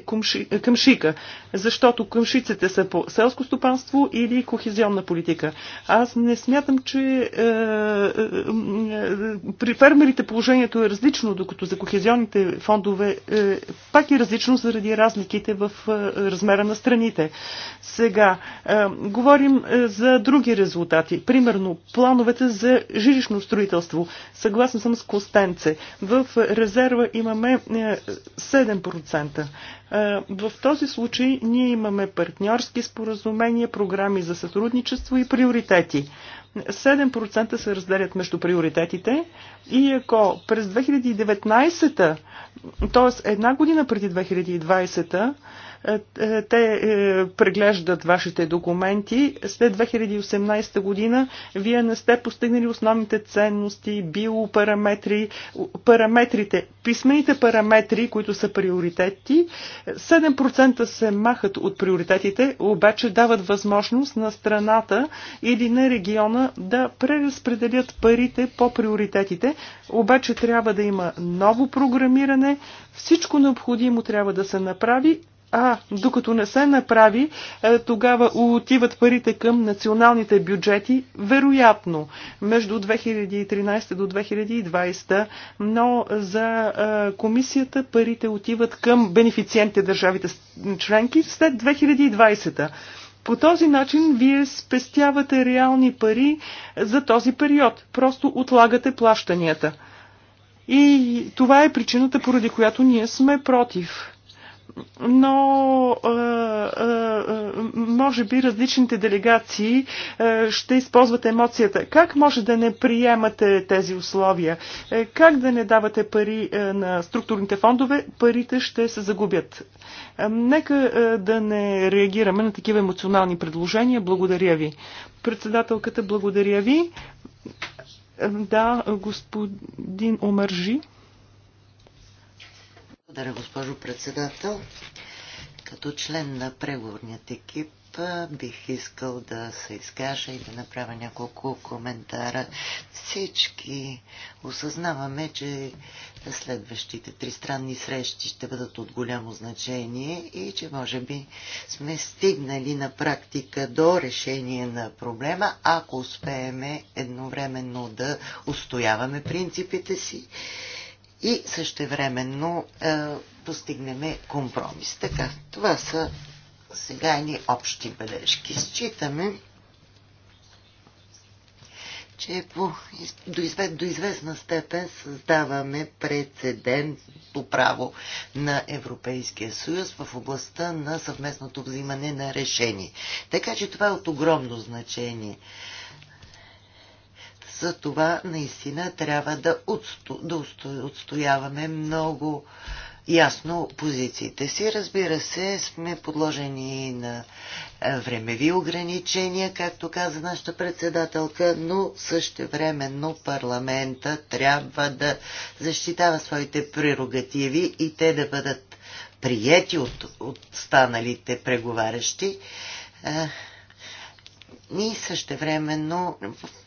е, къмшика, защото къмшиците са по селско стопанство или кохезионна политика. Аз не смятам, че при фермерите положението е различно, докато за кохезионните фондове пак е различно заради разликите в размера на страните. Сега, е, говорим е, за други резултати. Примерно, плановете за жилищно строителство. Съгласна съм с Костенце. В резерва имаме е, 7%. Е, в този случай ние имаме партньорски споразумения, програми за сътрудничество и приоритети. 7% се разделят между приоритетите и ако през 2019, т.е. една година преди 2020, е, е, те е, преглеждат вашите документи. След 2018 година вие не сте постигнали основните ценности, биопараметри, параметрите, писмените параметри, които са приоритети. 7% се махат от приоритетите, обаче дават възможност на страната или на региона да преразпределят парите по приоритетите, обаче трябва да има ново програмиране, всичко необходимо трябва да се направи а докато не се направи, е, тогава отиват парите към националните бюджети, вероятно, между 2013 до 2020, но за е, комисията парите отиват към бенефициентите държавите членки след 2020. По този начин вие спестявате реални пари е, за този период, просто отлагате плащанията. И това е причината, поради която ние сме против но може би различните делегации ще използват емоцията. Как може да не приемате тези условия? Е, как да не давате пари е, на структурните фондове? Парите ще се загубят. Е, нека да не реагираме на такива емоционални предложения. Благодаря ви. Председателката, благодаря ви. Да, господин Омържи. Благодаря, госпожо председател. Като член на преговорният екип бих искал да се изкажа и да направя няколко коментара. Всички осъзнаваме, че следващите три странни срещи ще бъдат от голямо значение и че може би сме стигнали на практика до решение на проблема, ако успееме едновременно да устояваме принципите си и същевременно е, постигнем компромис. Така, това са сега ни общи бележки. Считаме, че по, до, изве, до известна степен създаваме по право на Европейския съюз в областта на съвместното взимане на решение. Така че това е от огромно значение. За това наистина трябва да, отсто, да отстояваме много ясно позициите си. Разбира се, сме подложени на е, времеви ограничения, както каза нашата председателка, но същевременно парламента трябва да защитава своите прерогативи и те да бъдат приети от останалите преговарящи. Е, и времено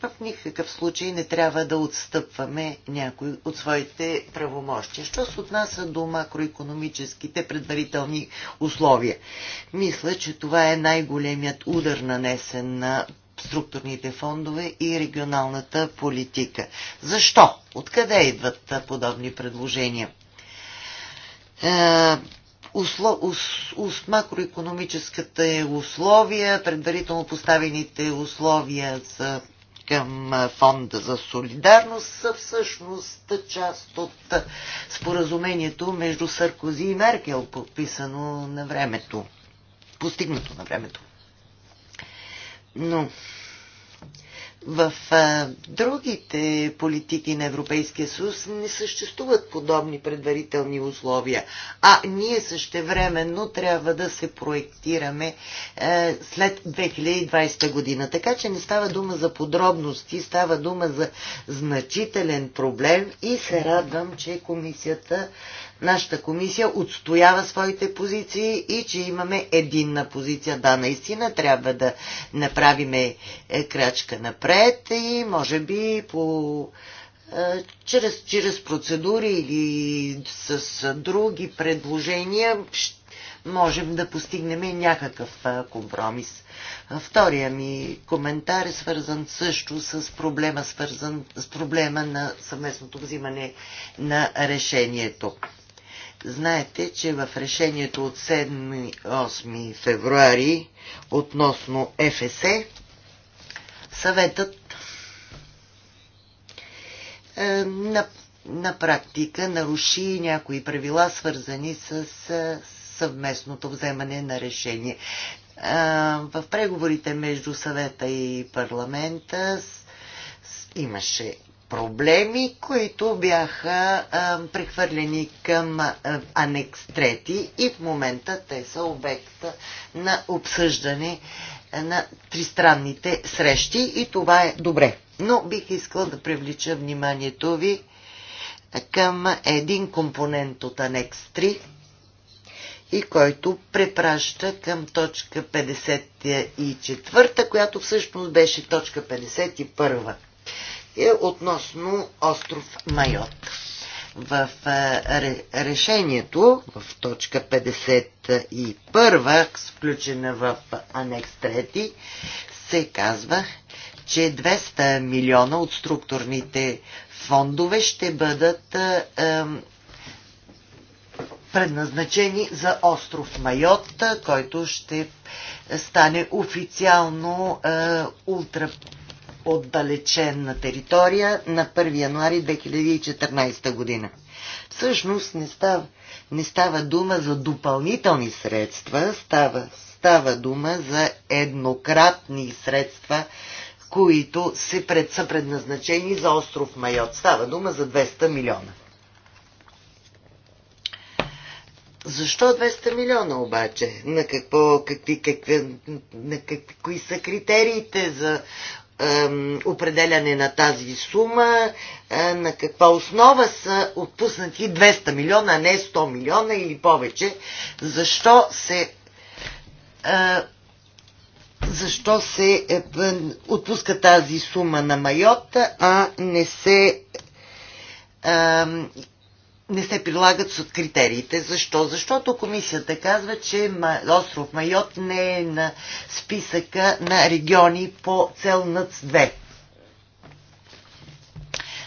в никакъв случай не трябва да отстъпваме някои от своите правомощия. Що се отнася до макроекономическите предварителни условия? Мисля, че това е най-големият удар нанесен на структурните фондове и регионалната политика. Защо? Откъде идват подобни предложения? Е, усло, ус, ус, макроекономическата условия, предварително поставените условия за, към фонда за солидарност са всъщност част от споразумението между Саркози и Меркел, подписано на времето, постигнато на времето. Но в а, другите политики на Европейския съюз не съществуват подобни предварителни условия, а ние същевременно трябва да се проектираме а, е, след 2020 година. Така че не става дума за подробности, става дума за значителен проблем и се радвам, че комисията нашата комисия отстоява своите позиции и че имаме единна позиция. Да, наистина трябва да направиме е, крачка напред и може би по е, чрез, чрез процедури или с, с други предложения можем да постигнем някакъв е, компромис. Втория ми коментар е свързан също с проблема, свързан с проблема на съвместното взимане на решението. Знаете, че в решението от 7-8 февруари относно ФСЕ съветът е, на, на практика наруши някои правила, свързани с е, съвместното вземане на решение. Е, в преговорите между съвета и парламента с, с, имаше проблеми, които бяха а, прехвърлени към а, анекс 3 и в момента те са обект на обсъждане на тристранните срещи и това е добре. Но бих искал да привлича вниманието ви към един компонент от анекс 3 и който препраща към точка 54, която всъщност беше точка 51 е относно остров Майот. В е, решението, в точка 51, включена в анекс 3, се казва, че 200 милиона от структурните фондове ще бъдат е, е, предназначени за остров Майот, който ще стане официално ултра отдалечена територия на 1 януари 2014 година. Всъщност не става, не става дума за допълнителни средства, става, става дума за еднократни средства, които се пред, са предназначени за остров Майот. Става дума за 200 милиона. Защо 200 милиона обаче? На какво, какви, какви, на какви, кои са критериите за определяне на тази сума, на каква основа са отпуснати 200 милиона, а не 100 милиона или повече. Защо се защо се е, отпуска тази сума на Майота, а не се не се прилагат с критериите. Защо? Защото комисията казва, че остров Майот не е на списъка на региони по цел НЦ-2.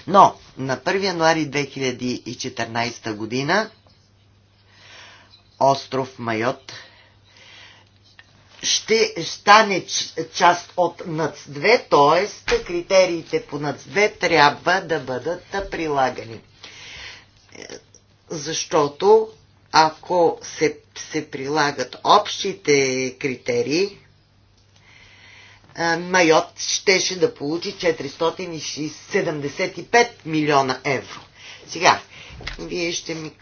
Но на 1 януари 2014 година остров Майот ще стане част от НАЦ-2, т.е. критериите по НАЦ-2 трябва да бъдат прилагани защото ако се, се прилагат общите критерии, Майот щеше да получи 475 милиона евро. Сега, вие ще ми,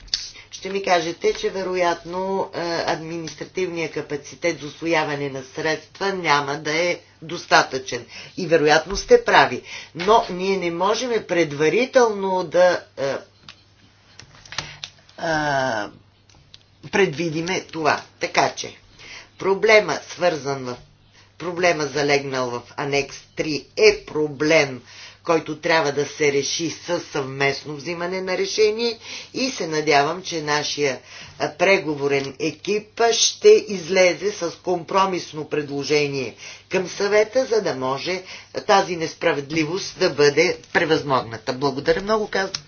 ще ми кажете, че вероятно административният капацитет за освояване на средства няма да е достатъчен. И вероятно сте прави. Но ние не можем предварително да а, предвидиме това. Така че, проблема свързан в проблема залегнал в анекс 3 е проблем, който трябва да се реши с съвместно взимане на решение и се надявам, че нашия преговорен екип ще излезе с компромисно предложение към съвета, за да може тази несправедливост да бъде превъзмогната. Благодаря много, казвам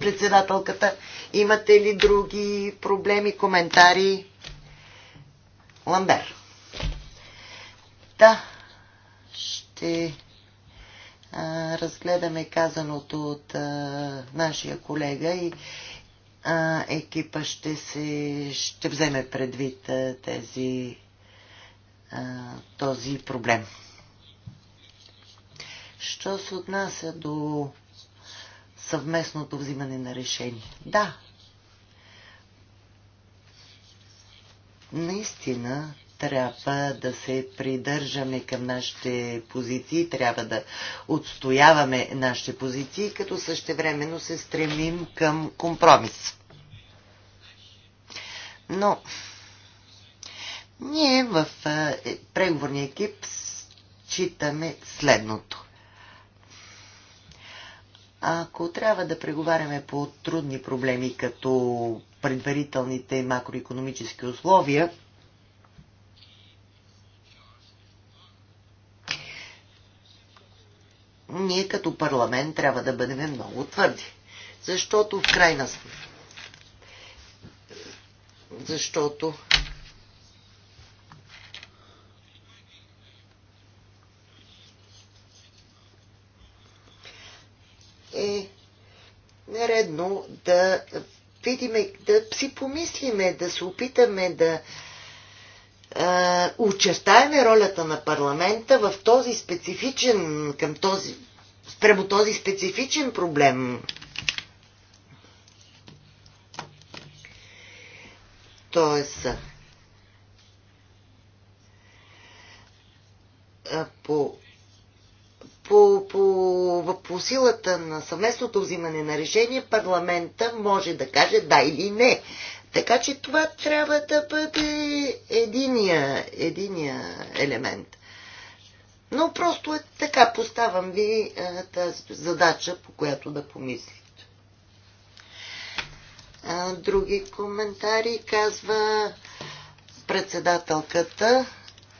председателката. Имате ли други проблеми, коментари? Ламбер. Да, ще а, разгледаме казаното от а, нашия колега и а, екипа ще, се, ще вземе предвид а, тези, а, този проблем. Що се отнася до съвместното взимане на решение. Да, наистина трябва да се придържаме към нашите позиции, трябва да отстояваме нашите позиции, като същевременно се стремим към компромис. Но ние в е, преговорния екип считаме следното. Ако трябва да преговаряме по трудни проблеми, като предварителните макроекономически условия, ние като парламент трябва да бъдем много твърди. Защото в крайна сметка. защото Но да видиме, да си помислиме, да се опитаме да е, очертаеме ролята на парламента в този специфичен, към този, спрямо този специфичен проблем. Тоест, по, по, по по силата на съвместното взимане на решение парламента може да каже да или не. Така че това трябва да бъде единия, единия елемент. Но просто е така, поставам ви е, тази задача, по която да помислите. Други коментари казва председателката.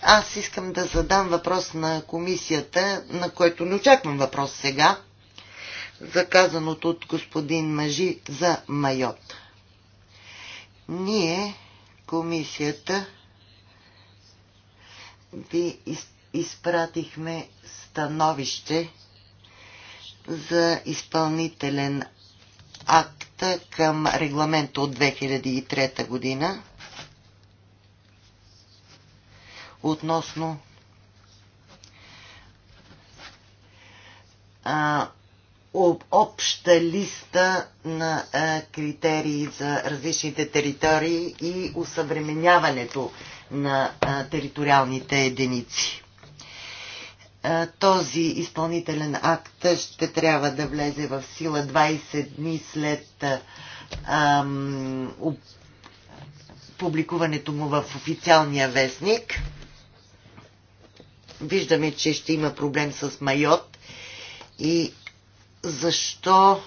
Аз искам да задам въпрос на комисията, на който не очаквам въпрос сега, заказаното от господин Мажи за Майот. Ние, комисията, ви изпратихме становище за изпълнителен акт към регламент от 2003 година относно а, об, обща листа на а, критерии за различните територии и усъвременяването на а, териториалните единици. А, този изпълнителен акт ще трябва да влезе в сила 20 дни след ам, публикуването му в официалния вестник виждаме, че ще има проблем с Майот и защо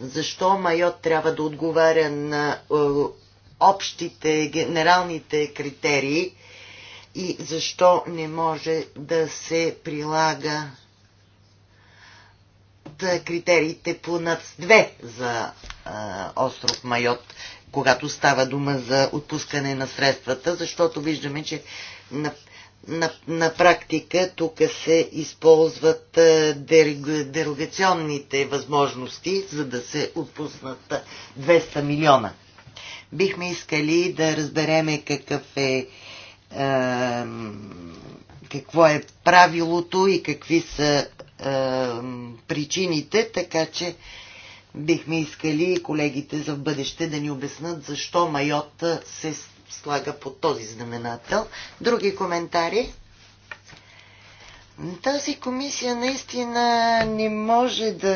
защо Майот трябва да отговаря на е, общите, генералните критерии и защо не може да се прилага критериите по НАЦ-2 за е, остров Майот когато става дума за отпускане на средствата, защото виждаме, че на, на, на практика тук се използват е, дерогационните възможности, за да се отпуснат 200 милиона. Бихме искали да разбереме какъв е, е какво е правилото и какви са е, причините, така че бихме искали колегите за в бъдеще да ни обяснат защо майот се слага под този знаменател. Други коментари? Тази комисия наистина не може да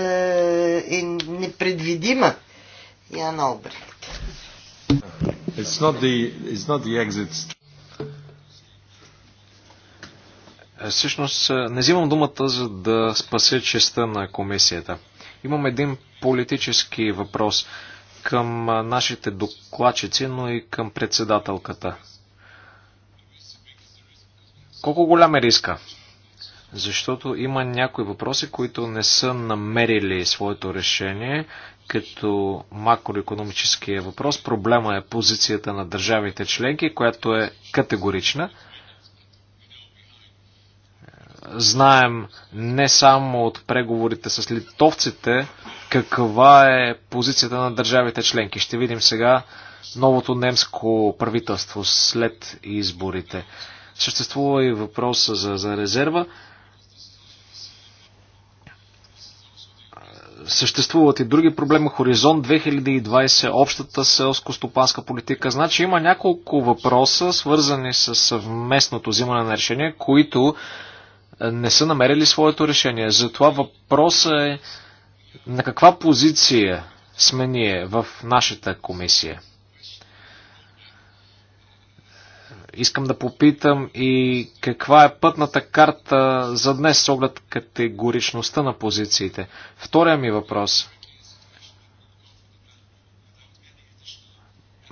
е непредвидима. Ян Олбрехт. It's not the, it's not the exit. Всъщност не взимам думата, за да спася честа на комисията. Имам един политически въпрос към нашите докладчици, но и към председателката. Колко голям е риска? Защото има някои въпроси, които не са намерили своето решение, като макроекономическия въпрос. Проблема е позицията на държавите членки, която е категорична – знаем не само от преговорите с литовците, каква е позицията на държавите членки. Ще видим сега новото немско правителство след изборите. Съществува и въпроса за, за резерва. Съществуват и други проблеми. Хоризонт 2020, общата селско-стопанска политика. Значи има няколко въпроса, свързани с съвместното взимане на решения, които не са намерили своето решение. Затова въпросът е на каква позиция сме ние в нашата комисия. Искам да попитам и каква е пътната карта за днес с оглед категоричността на позициите. Втория ми въпрос –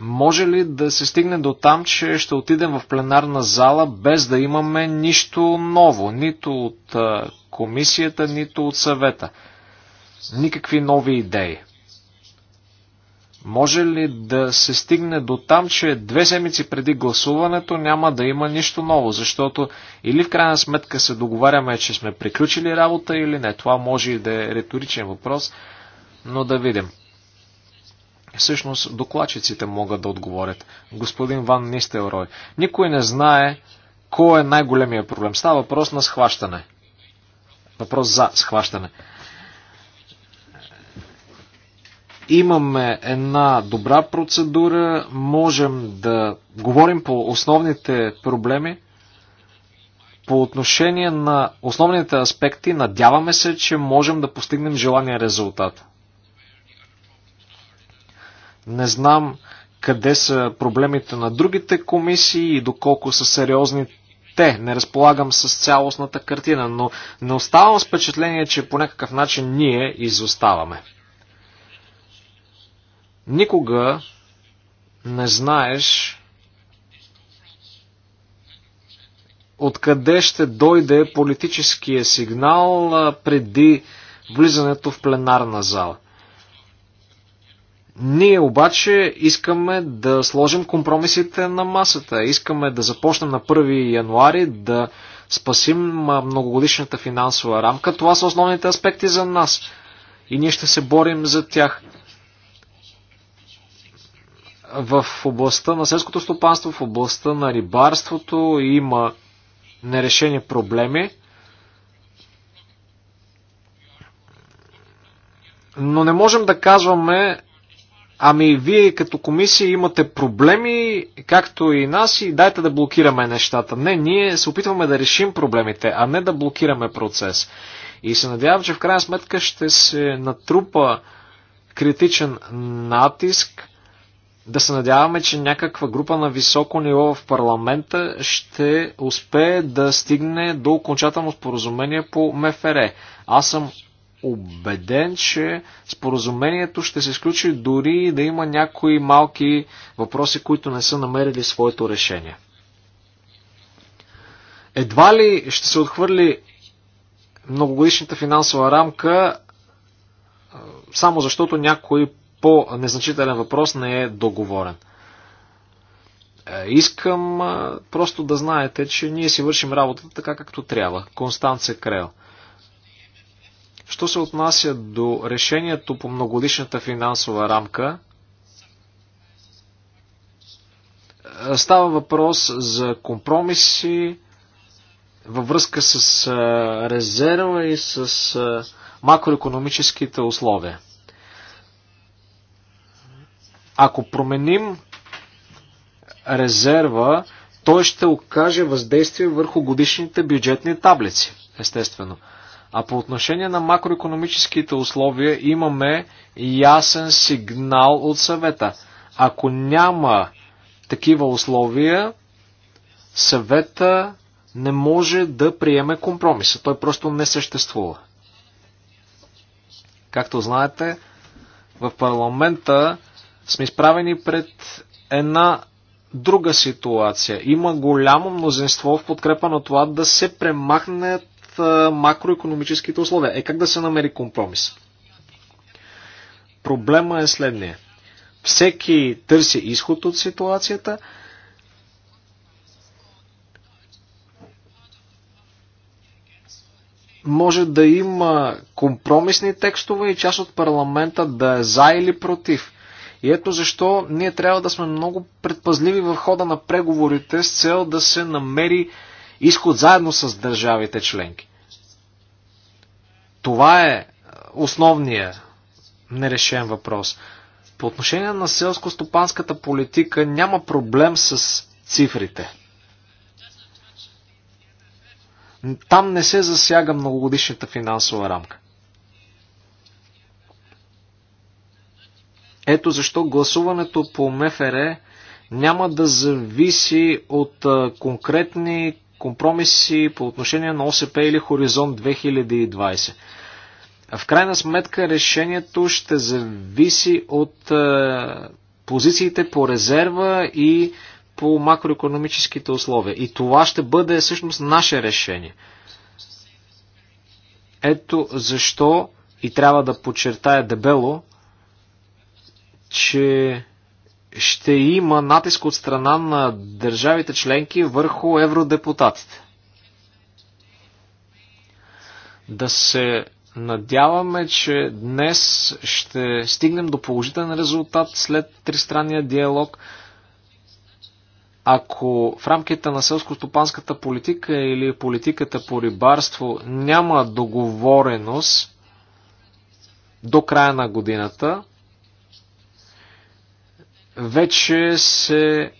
Може ли да се стигне до там, че ще отидем в пленарна зала без да имаме нищо ново, нито от комисията, нито от съвета? Никакви нови идеи. Може ли да се стигне до там, че две седмици преди гласуването няма да има нищо ново, защото или в крайна сметка се договаряме, че сме приключили работа или не. Това може и да е риторичен въпрос, но да видим. Всъщност докладчиците могат да отговорят. Господин Ван Нистелрой, никой не знае кой е най-големия проблем. Става въпрос на схващане. Въпрос за схващане. Имаме една добра процедура, можем да говорим по основните проблеми. По отношение на основните аспекти, надяваме се, че можем да постигнем желания резултат. Не знам къде са проблемите на другите комисии и доколко са сериозни те. Не разполагам с цялостната картина, но не оставам с впечатление, че по някакъв начин ние изоставаме. Никога не знаеш откъде ще дойде политическия сигнал преди влизането в пленарна зала. Ние обаче искаме да сложим компромисите на масата. Искаме да започнем на 1 януари да спасим многогодишната финансова рамка. Това са основните аспекти за нас. И ние ще се борим за тях. В областта на селското стопанство, в областта на рибарството има нерешени проблеми. Но не можем да казваме, Ами, вие като комисия имате проблеми, както и нас, и дайте да блокираме нещата. Не, ние се опитваме да решим проблемите, а не да блокираме процес. И се надявам, че в крайна сметка ще се натрупа критичен натиск. Да се надяваме, че някаква група на високо ниво в парламента ще успее да стигне до окончателно споразумение по МФР. Аз съм убеден, че споразумението ще се изключи дори да има някои малки въпроси, които не са намерили своето решение. Едва ли ще се отхвърли многогодишната финансова рамка, само защото някой по-незначителен въпрос не е договорен. Е, искам просто да знаете, че ние си вършим работата така както трябва. Констанция Крел. Що се отнася до решението по многодишната финансова рамка, е, става въпрос за компромиси във връзка с е, резерва и с е, макроекономическите условия. Ако променим резерва, той ще окаже въздействие върху годишните бюджетни таблици, естествено. А по отношение на макроекономическите условия имаме ясен сигнал от съвета. Ако няма такива условия, съвета не може да приеме компромиса. Той просто не съществува. Както знаете, в парламента сме изправени пред една друга ситуация. Има голямо мнозинство в подкрепа на това да се премахнат макроекономическите условия. Е как да се намери компромис? Проблема е следния. Всеки търси изход от ситуацията. Може да има компромисни текстове и част от парламента да е за или против. И ето защо ние трябва да сме много предпазливи в хода на преговорите с цел да се намери изход заедно с държавите членки. Това е, е основният нерешен въпрос. По отношение на селско-стопанската политика няма проблем с цифрите. Там не се засяга многогодишната финансова рамка. Ето защо гласуването по МФР няма да зависи от е, конкретни компромиси по отношение на ОСП или Хоризонт 2020. В крайна сметка решението ще зависи от е, позициите по резерва и по макроекономическите условия. И това ще бъде всъщност наше решение. Ето защо и трябва да подчертая дебело, че ще има натиск от страна на държавите членки върху евродепутатите. Да се Надяваме, че днес ще стигнем до положителен резултат след тристранния диалог. Ако в рамките на селско-стопанската политика или политиката по рибарство няма договореност до края на годината, вече се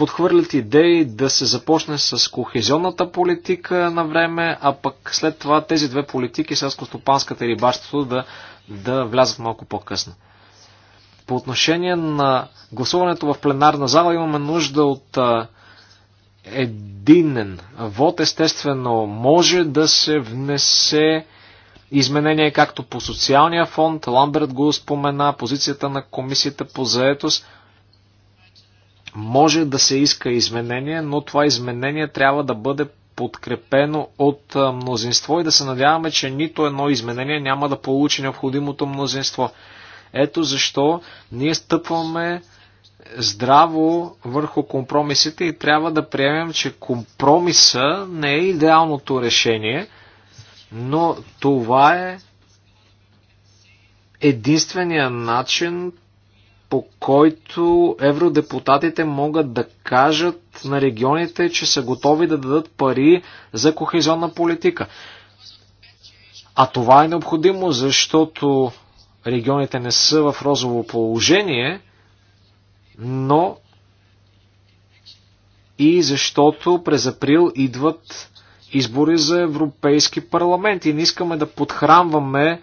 подхвърлят идеи да се започне с кохезионната политика на време, а пък след това тези две политики, селско-стопанската и рибарството, да, да влязат малко по-късно. По отношение на гласуването в пленарна зала имаме нужда от а, единен вод. Естествено, може да се внесе изменение както по социалния фонд, Ламберт го спомена, позицията на комисията по заетост – може да се иска изменение, но това изменение трябва да бъде подкрепено от мнозинство и да се надяваме, че нито едно изменение няма да получи необходимото мнозинство. Ето защо ние стъпваме здраво върху компромисите и трябва да приемем, че компромиса не е идеалното решение, но това е единствения начин по който евродепутатите могат да кажат на регионите, че са готови да дадат пари за кохезионна политика. А това е необходимо, защото регионите не са в розово положение, но и защото през април идват избори за Европейски парламент и не искаме да подхранваме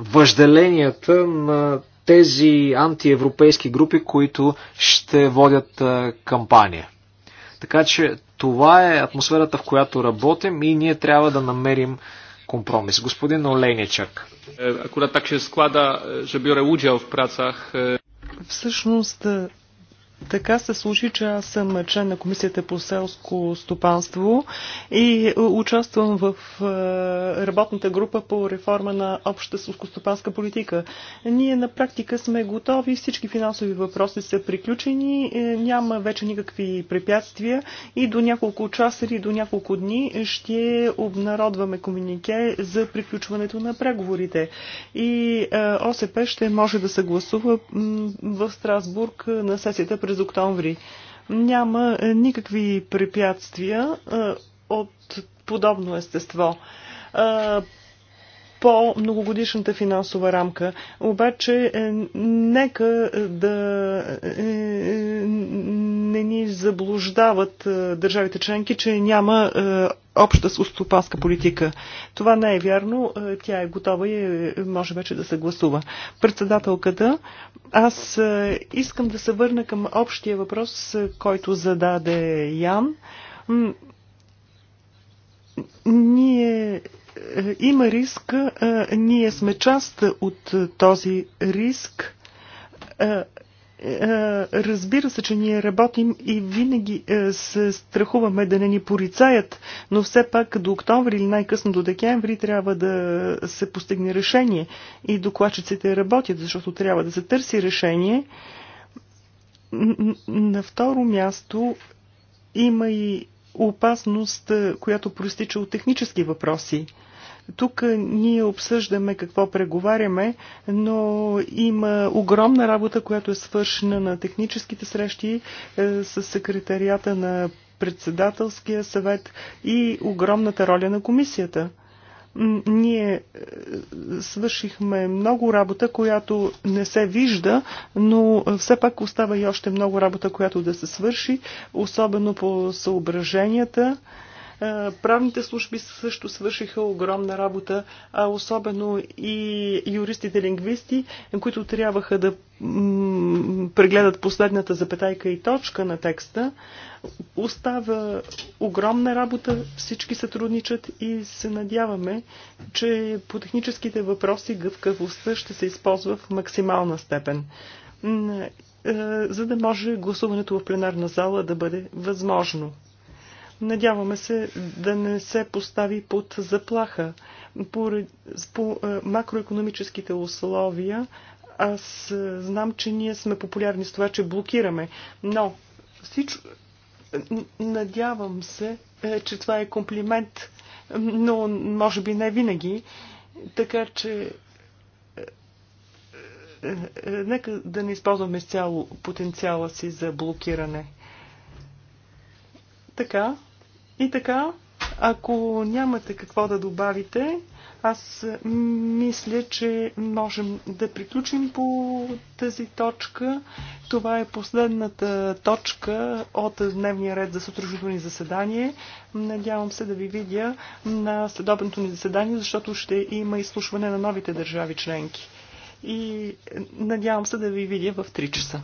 въжделенията на тези антиевропейски групи, които ще водят кампания. Така че това е атмосферата, в която работим и ние трябва да намерим компромис. Господин Оленичък. Е, акурат так се склада, че е, бюре удел в працах. Е. Всъщност така се случи, че аз съм член на Комисията по селско стопанство и е, участвам в е, работната група по реформа на общата селскостопанска политика. Ние на практика сме готови, всички финансови въпроси са приключени, е, няма вече никакви препятствия и до няколко часа или до няколко дни ще обнародваме комунике за приключването на преговорите. И ОСП ще може да се гласува в Страсбург на сесията през през октомври. Няма е, никакви препятствия е, от подобно естество е, по многогодишната финансова рамка. Обаче, е, нека да е, не ни заблуждават държавите членки, че няма обща стопанска политика. Това не е вярно. Тя е готова и може вече да се гласува. Председателката, аз е, искам да се върна към общия въпрос, е, който зададе Ян. Ние е, има риск, ние сме част от този риск е, е, разбира се, че ние работим и винаги е, се страхуваме да не ни порицаят, но все пак до октомври или най-късно до декември трябва да се постигне решение и докладчиците работят, защото трябва да се търси решение. На второ място има и опасност, която проистича от технически въпроси. Тук ние обсъждаме какво преговаряме, но има огромна работа, която е свършена на техническите срещи е, с секретарията на председателския съвет и огромната роля на комисията ние е, свършихме много работа, която не се вижда, но е, все пак остава и още много работа, която да се свърши, особено по съображенията. Е, правните служби също свършиха огромна работа, а особено и юристите-лингвисти, които трябваха да прегледат последната запетайка и точка на текста. Остава огромна работа, всички сътрудничат и се надяваме, че по техническите въпроси гъвкавостта ще се използва в максимална степен е, за да може гласуването в пленарна зала да бъде възможно. Надяваме се да не се постави под заплаха. По, по е, макроекономическите условия аз е, знам, че ние сме популярни с това, че блокираме, но всич... Е, надявам се, че това е комплимент, но може би не винаги. Така че нека да не използваме цяло потенциала си за блокиране. Така, и така, ако нямате какво да добавите, аз мисля, че можем да приключим по тази точка. Това е последната точка от дневния ред за сутрешното ни заседание. Надявам се да ви видя на следобното ни заседание, защото ще има изслушване на новите държави членки. И надявам се да ви видя в 3 часа.